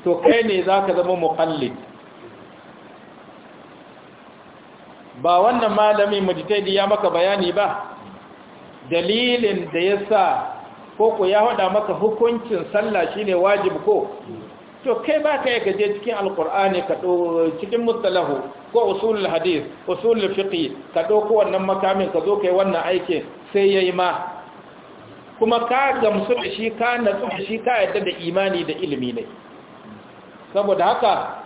[SPEAKER 1] to kai ne za ka zama mu muƙallidi ba wannan malami mujtahidi ya maka bayani ba dalilin da ya sa koko ya hada maka hukuncin sallah shine wajibi ko to kai ba ka yaka je cikin alqur'ani ka cikin mustalahu ko usulul hadith usulul fiqh ka ko wannan makamin ka zo kai wannan aikin sai yayi ma kuma ka gamsu da shi ka natsu da shi ka yadda da imani da ilimi ne saboda haka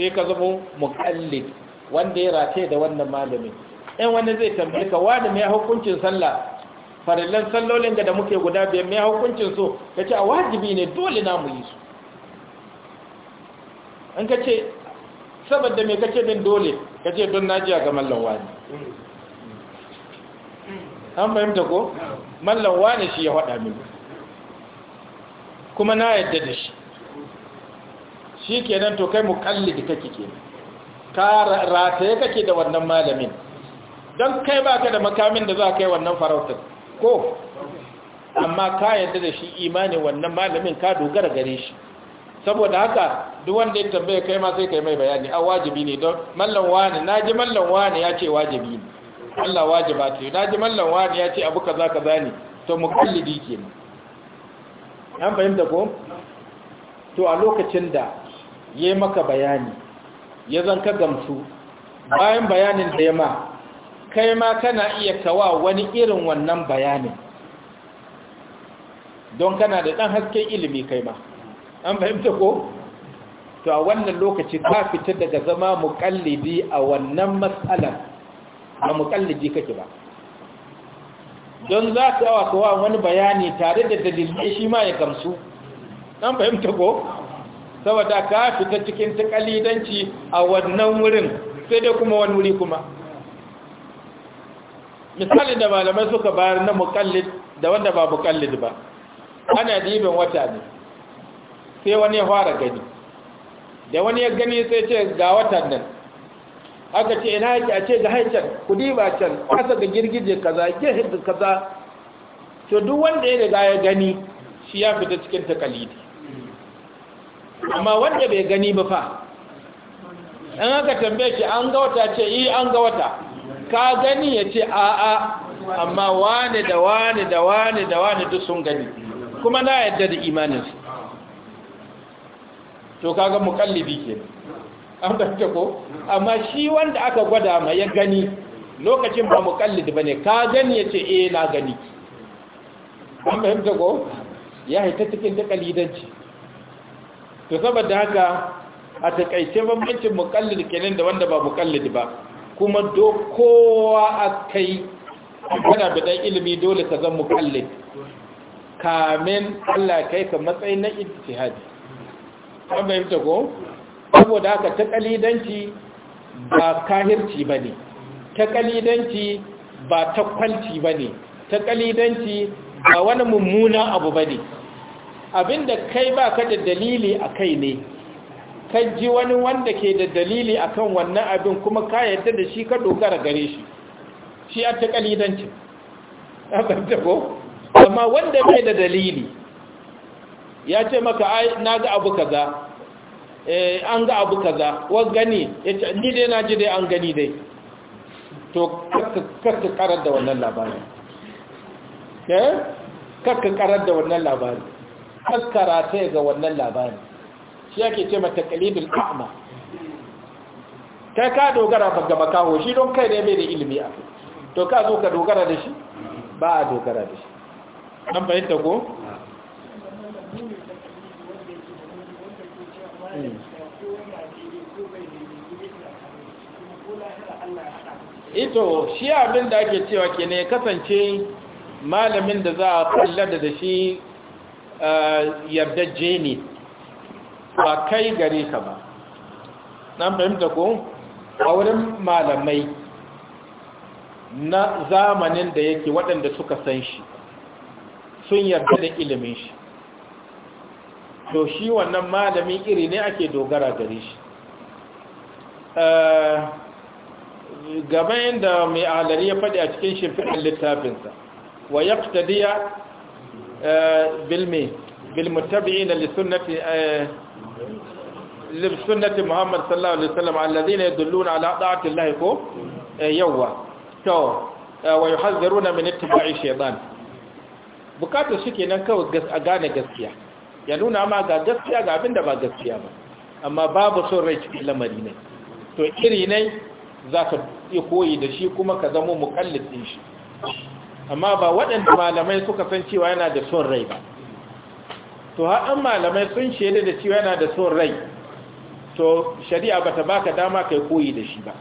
[SPEAKER 1] sai ka zama muqallid wanda ya rataye da wannan malamin ɗan wani zai tambayi ka wani mai hukuncin sallah farillan sallolin da muke guda biyar mai hukuncin so ka ce a wajibi ne dole na mu yi su An ka ce saboda mai ka ce din dole ka ce don jiya ga mallan wani
[SPEAKER 2] an fahimta ko mallan wani shi
[SPEAKER 1] ya haɗa mini kuma na yadda da shi shi kenan to kai mu kalli da kake kenan ka rataye kake da wannan malamin don kai baka da makamin da za ka yi wannan farautar ko amma ka yadda da shi imanin wannan malamin ka dogara gare shi saboda haka duk wanda ya tambaye kai ma sai kai mai bayani a wajibi ne don mallan wani na ji mallan wani ya ce wajibi ne Allah wajiba ce na ji mallan wani ya ce abu kaza kaza ne to mu dike ne. an fahimta ko to a lokacin da yayi maka bayani ya zan ka gamsu bayan bayanin da ya ma kai ma kana iya kawa wani irin wannan bayanin don kana da ɗan hasken ilimi kai ma an fahimta ko? to a wannan lokaci ka fita daga zama mukallidi a wannan matsalar ba mukallidi kake ba don za ka awa kawa wani bayani tare da dalilai shi ma ya gamsu an fahimta ko? saboda ka fita cikin takalidanci a wannan wurin sai dai kuma wani wuri kuma misali da malamai suka bayar na mukallid da wanda ba mukallid ba ana dibin wata ne sai wani ya fara gani da wani ya gani sai ce ga watan nan aka ce ina yake a ce ga haicen ku diba can kasa ga girgije kaza gehe kaza to duk wanda ya riga ya gani shi ya fita cikin takalidi amma wanda bai gani ba fa in aka tambaye shi an ga wata ce yi eh, an ga wata ka gani ya ce a'a amma wane da wane da wane da wane duk sun gani kuma na yadda da imaninsu to kaga mukallibi ke an bata ko amma shi wanda aka gwada ma ya gani lokacin ba mukallidi bane ka gani ya ce eh na gani an fahimta ko ya haita cikin da to saboda haka a takaice bambancin mukallid kenan da wanda ba mukallid ba kuma do kowa akai kana da dan ilimi dole ka zama mukallid kamin Allah kai ka matsayin na ijtihadi an bayyana saboda haka ta kalidanci ba kahirci bane ta kalidanci ba takwalci bane ta kalidanci ba wani mummuna abu bane abinda kai ba ka da dalili a kai ne ka ji wani wanda ke da dalili a kan wannan abin kuma ka yadda da shi ka dogara gare shi shi a ta kalidancin amma wanda bai da dalili ya ce maka ai na ga abu kaza eh, an ga abu kaza wani gani ya ce ni dai na ji dai an gani dai to kakka karar da wannan labarin eh? kakka karar da wannan labarin kaskara ta ga wannan labari shi yake ce mata kalibin a'ma kai ka dogara ga makaho shi don kai ne mai da ilimi a to ka zo ka dogara da shi ba a dogara da shi an fahimta ko?
[SPEAKER 2] Hmm. ito shi abin da ake cewa ke
[SPEAKER 1] ne kasance malamin da za a kallada da shi yardajje ne ba kai gare ka ba nan fahimta ko a wurin malamai na zamanin da yake waɗanda suka san shi sun yarda da ilimin shi to shi wannan malami iri ne ake dogara gare shi eh, gaban yadda mai alari ya faɗi a cikin shimfiɗin littafinsa wa ya fitadiya bilmi بالمتبعين لسنة لسنة محمد صلى الله عليه وسلم الذين يدلون على طاعة الله كو ويحذرون من اتباع الشيطان bukatu shi kenan kawai a gane gaskiya ya nuna ma ga gaskiya ga abinda ba gaskiya ba amma babu son rai cikin lamari ne to iri ne za ka yi koyi da shi kuma ka zamo mukallid din shi amma ba waɗanda malamai suka san cewa yana da son rai ba to har an malamai sun shaida da cewa yana da son rai to shari'a bata baka dama kai koyi da shi ba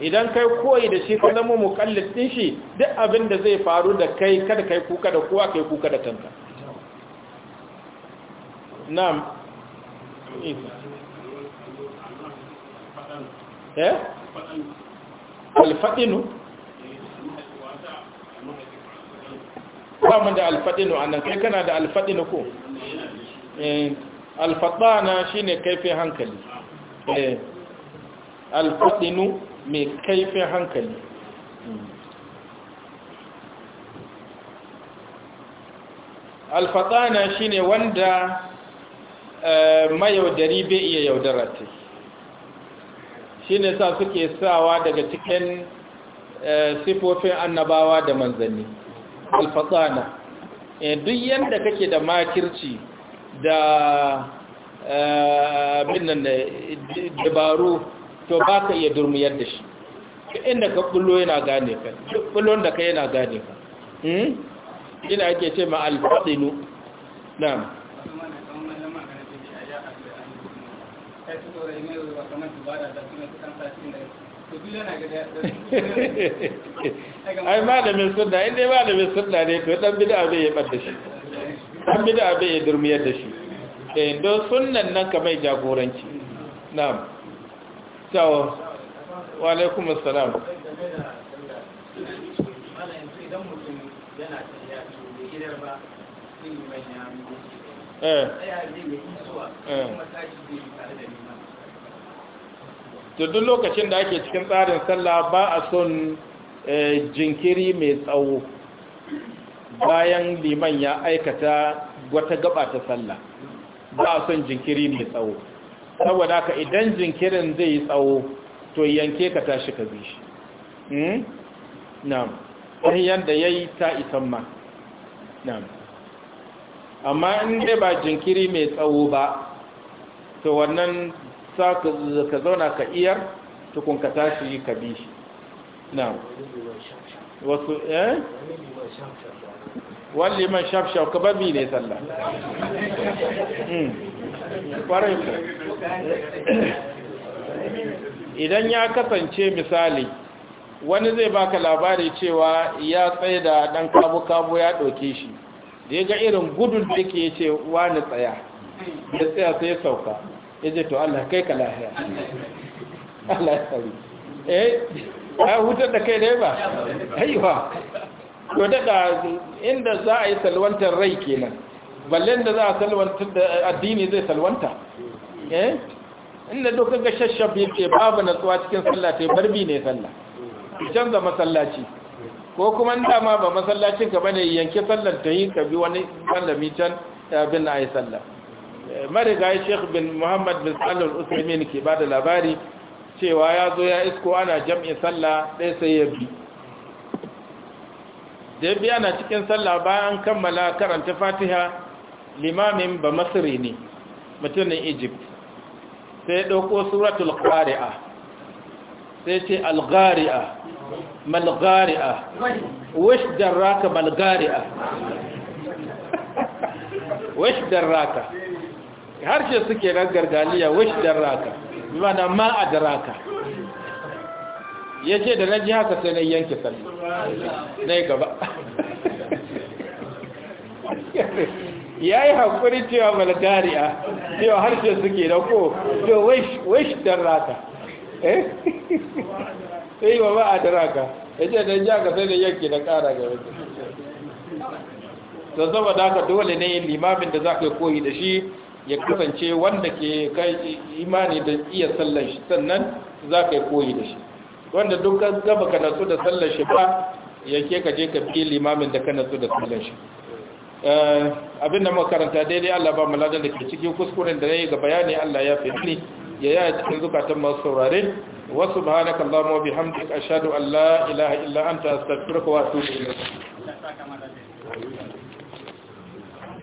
[SPEAKER 1] idan kai koyi da shi ka zama mukallid din shi duk abin da zai faru da kai kada kai kuka da kowa kai kuka da kanka na'am eh alfadinu ba mu da alfaɗinu a nan kai kana da alfaɗinu ko eh, alfaɗana shi ne kaifin hankali eh, alfaɗinu mai kaifin hankali alfaɗana shi ne wanda eh, mayaudari bai iya yaudara ce shi ne sa suke sawa daga cikin sifofin annabawa da manzanni alfatsana eh, duk yadda kake da makirci da eh, binnan da dabaru to ba ka iya durmiyar da shi inda ka bullo yana gane ka bullon da ka yana gane ka hmm? ina ake ce ma alfatsinu na Thank you. ai malamin sunna inda ya malamin sunna ne to dan bid'a bai ya da shi dan bid'a bai ya durmiyar da shi eh don sunnan nan ka mai jagoranci na'am to wa alaikum assalam eh to duk lokacin da ake cikin tsarin sallah ba a son eh, jinkiri mai tsawo bayan liman ya aikata wata gaba ta sallah ba a son jinkiri mai tsawo saboda ka idan jinkirin zai yi tsawo to yanke ka tashi ka bi shi hmm? na'am yadda ya yi ta isan ma na'am amma in dai ba jinkiri mai tsawo ba to wannan sa ka zauna ka iyar tukun ka tashi ka bi shi na
[SPEAKER 2] wasu eh
[SPEAKER 1] wani liman shafshaf ka babi ne sallah hmm. idan ya kasance misali wani zai baka labari cewa ya tsaye da ɗan kabu-kabu ya ɗauke shi da ya ga irin gudun da ke ce wani tsaya ya tsaya sai sauka ya ce to Allah kai ka lahira, Allah ya sauri. eh a hutar da kai ne ba haiwa to daga inda za a yi salwantar rai kenan balle da za a salwantar da addini zai salwanta eh inda dokar ga shashshaf ce babu natsuwa cikin sallah sai barbi ne sallah canza masallaci ko kuma dama ba masallacin ka bane yanke sallar ta yi ka bi wani sallami can abin na ayi sallah marigayi sheikh bin muhammad bin sallar usaimin ke ba da labari cewa ya zo ya isko ana jam'in sallah ɗaya sai ya bi da ya na cikin sallah bayan kammala karanta fatiha limamin ba masiri ne mutumin egypt sai ɗauko suratul ƙari'a sai ce algari'a malgari'a wish darraka malgari'a
[SPEAKER 2] wish darraka harshe suke nan gargaliya wish daraka bimana ma a daraka
[SPEAKER 1] ya ce da na ji haka sai na yanke sallu na yi gaba ya yi haƙuri cewa malgariya cewa harshe suke da ko to wish daraka eh sai ba ba a daraka ya ce da na ji haka sai na yanke na ƙara gaba
[SPEAKER 2] da saboda dole ne limamin da za
[SPEAKER 1] ka koyi da shi ya kasance wanda ke imani da iya sallar shi sannan za ka yi koyi da shi wanda duk gaba ka nasu da sallar shi ba ya ke ka je ka fi limamin da ka nasu da sallar shi eh, abin da makaranta daidai Allah ba mu da ke cikin kuskuren da yi ga bayani Allah ya fi ni ya yi a cikin zukatan masu saurare wa subhanaka allahumma bi hamdi ashhadu an la ilaha illa ta sarfi wa su
[SPEAKER 2] ne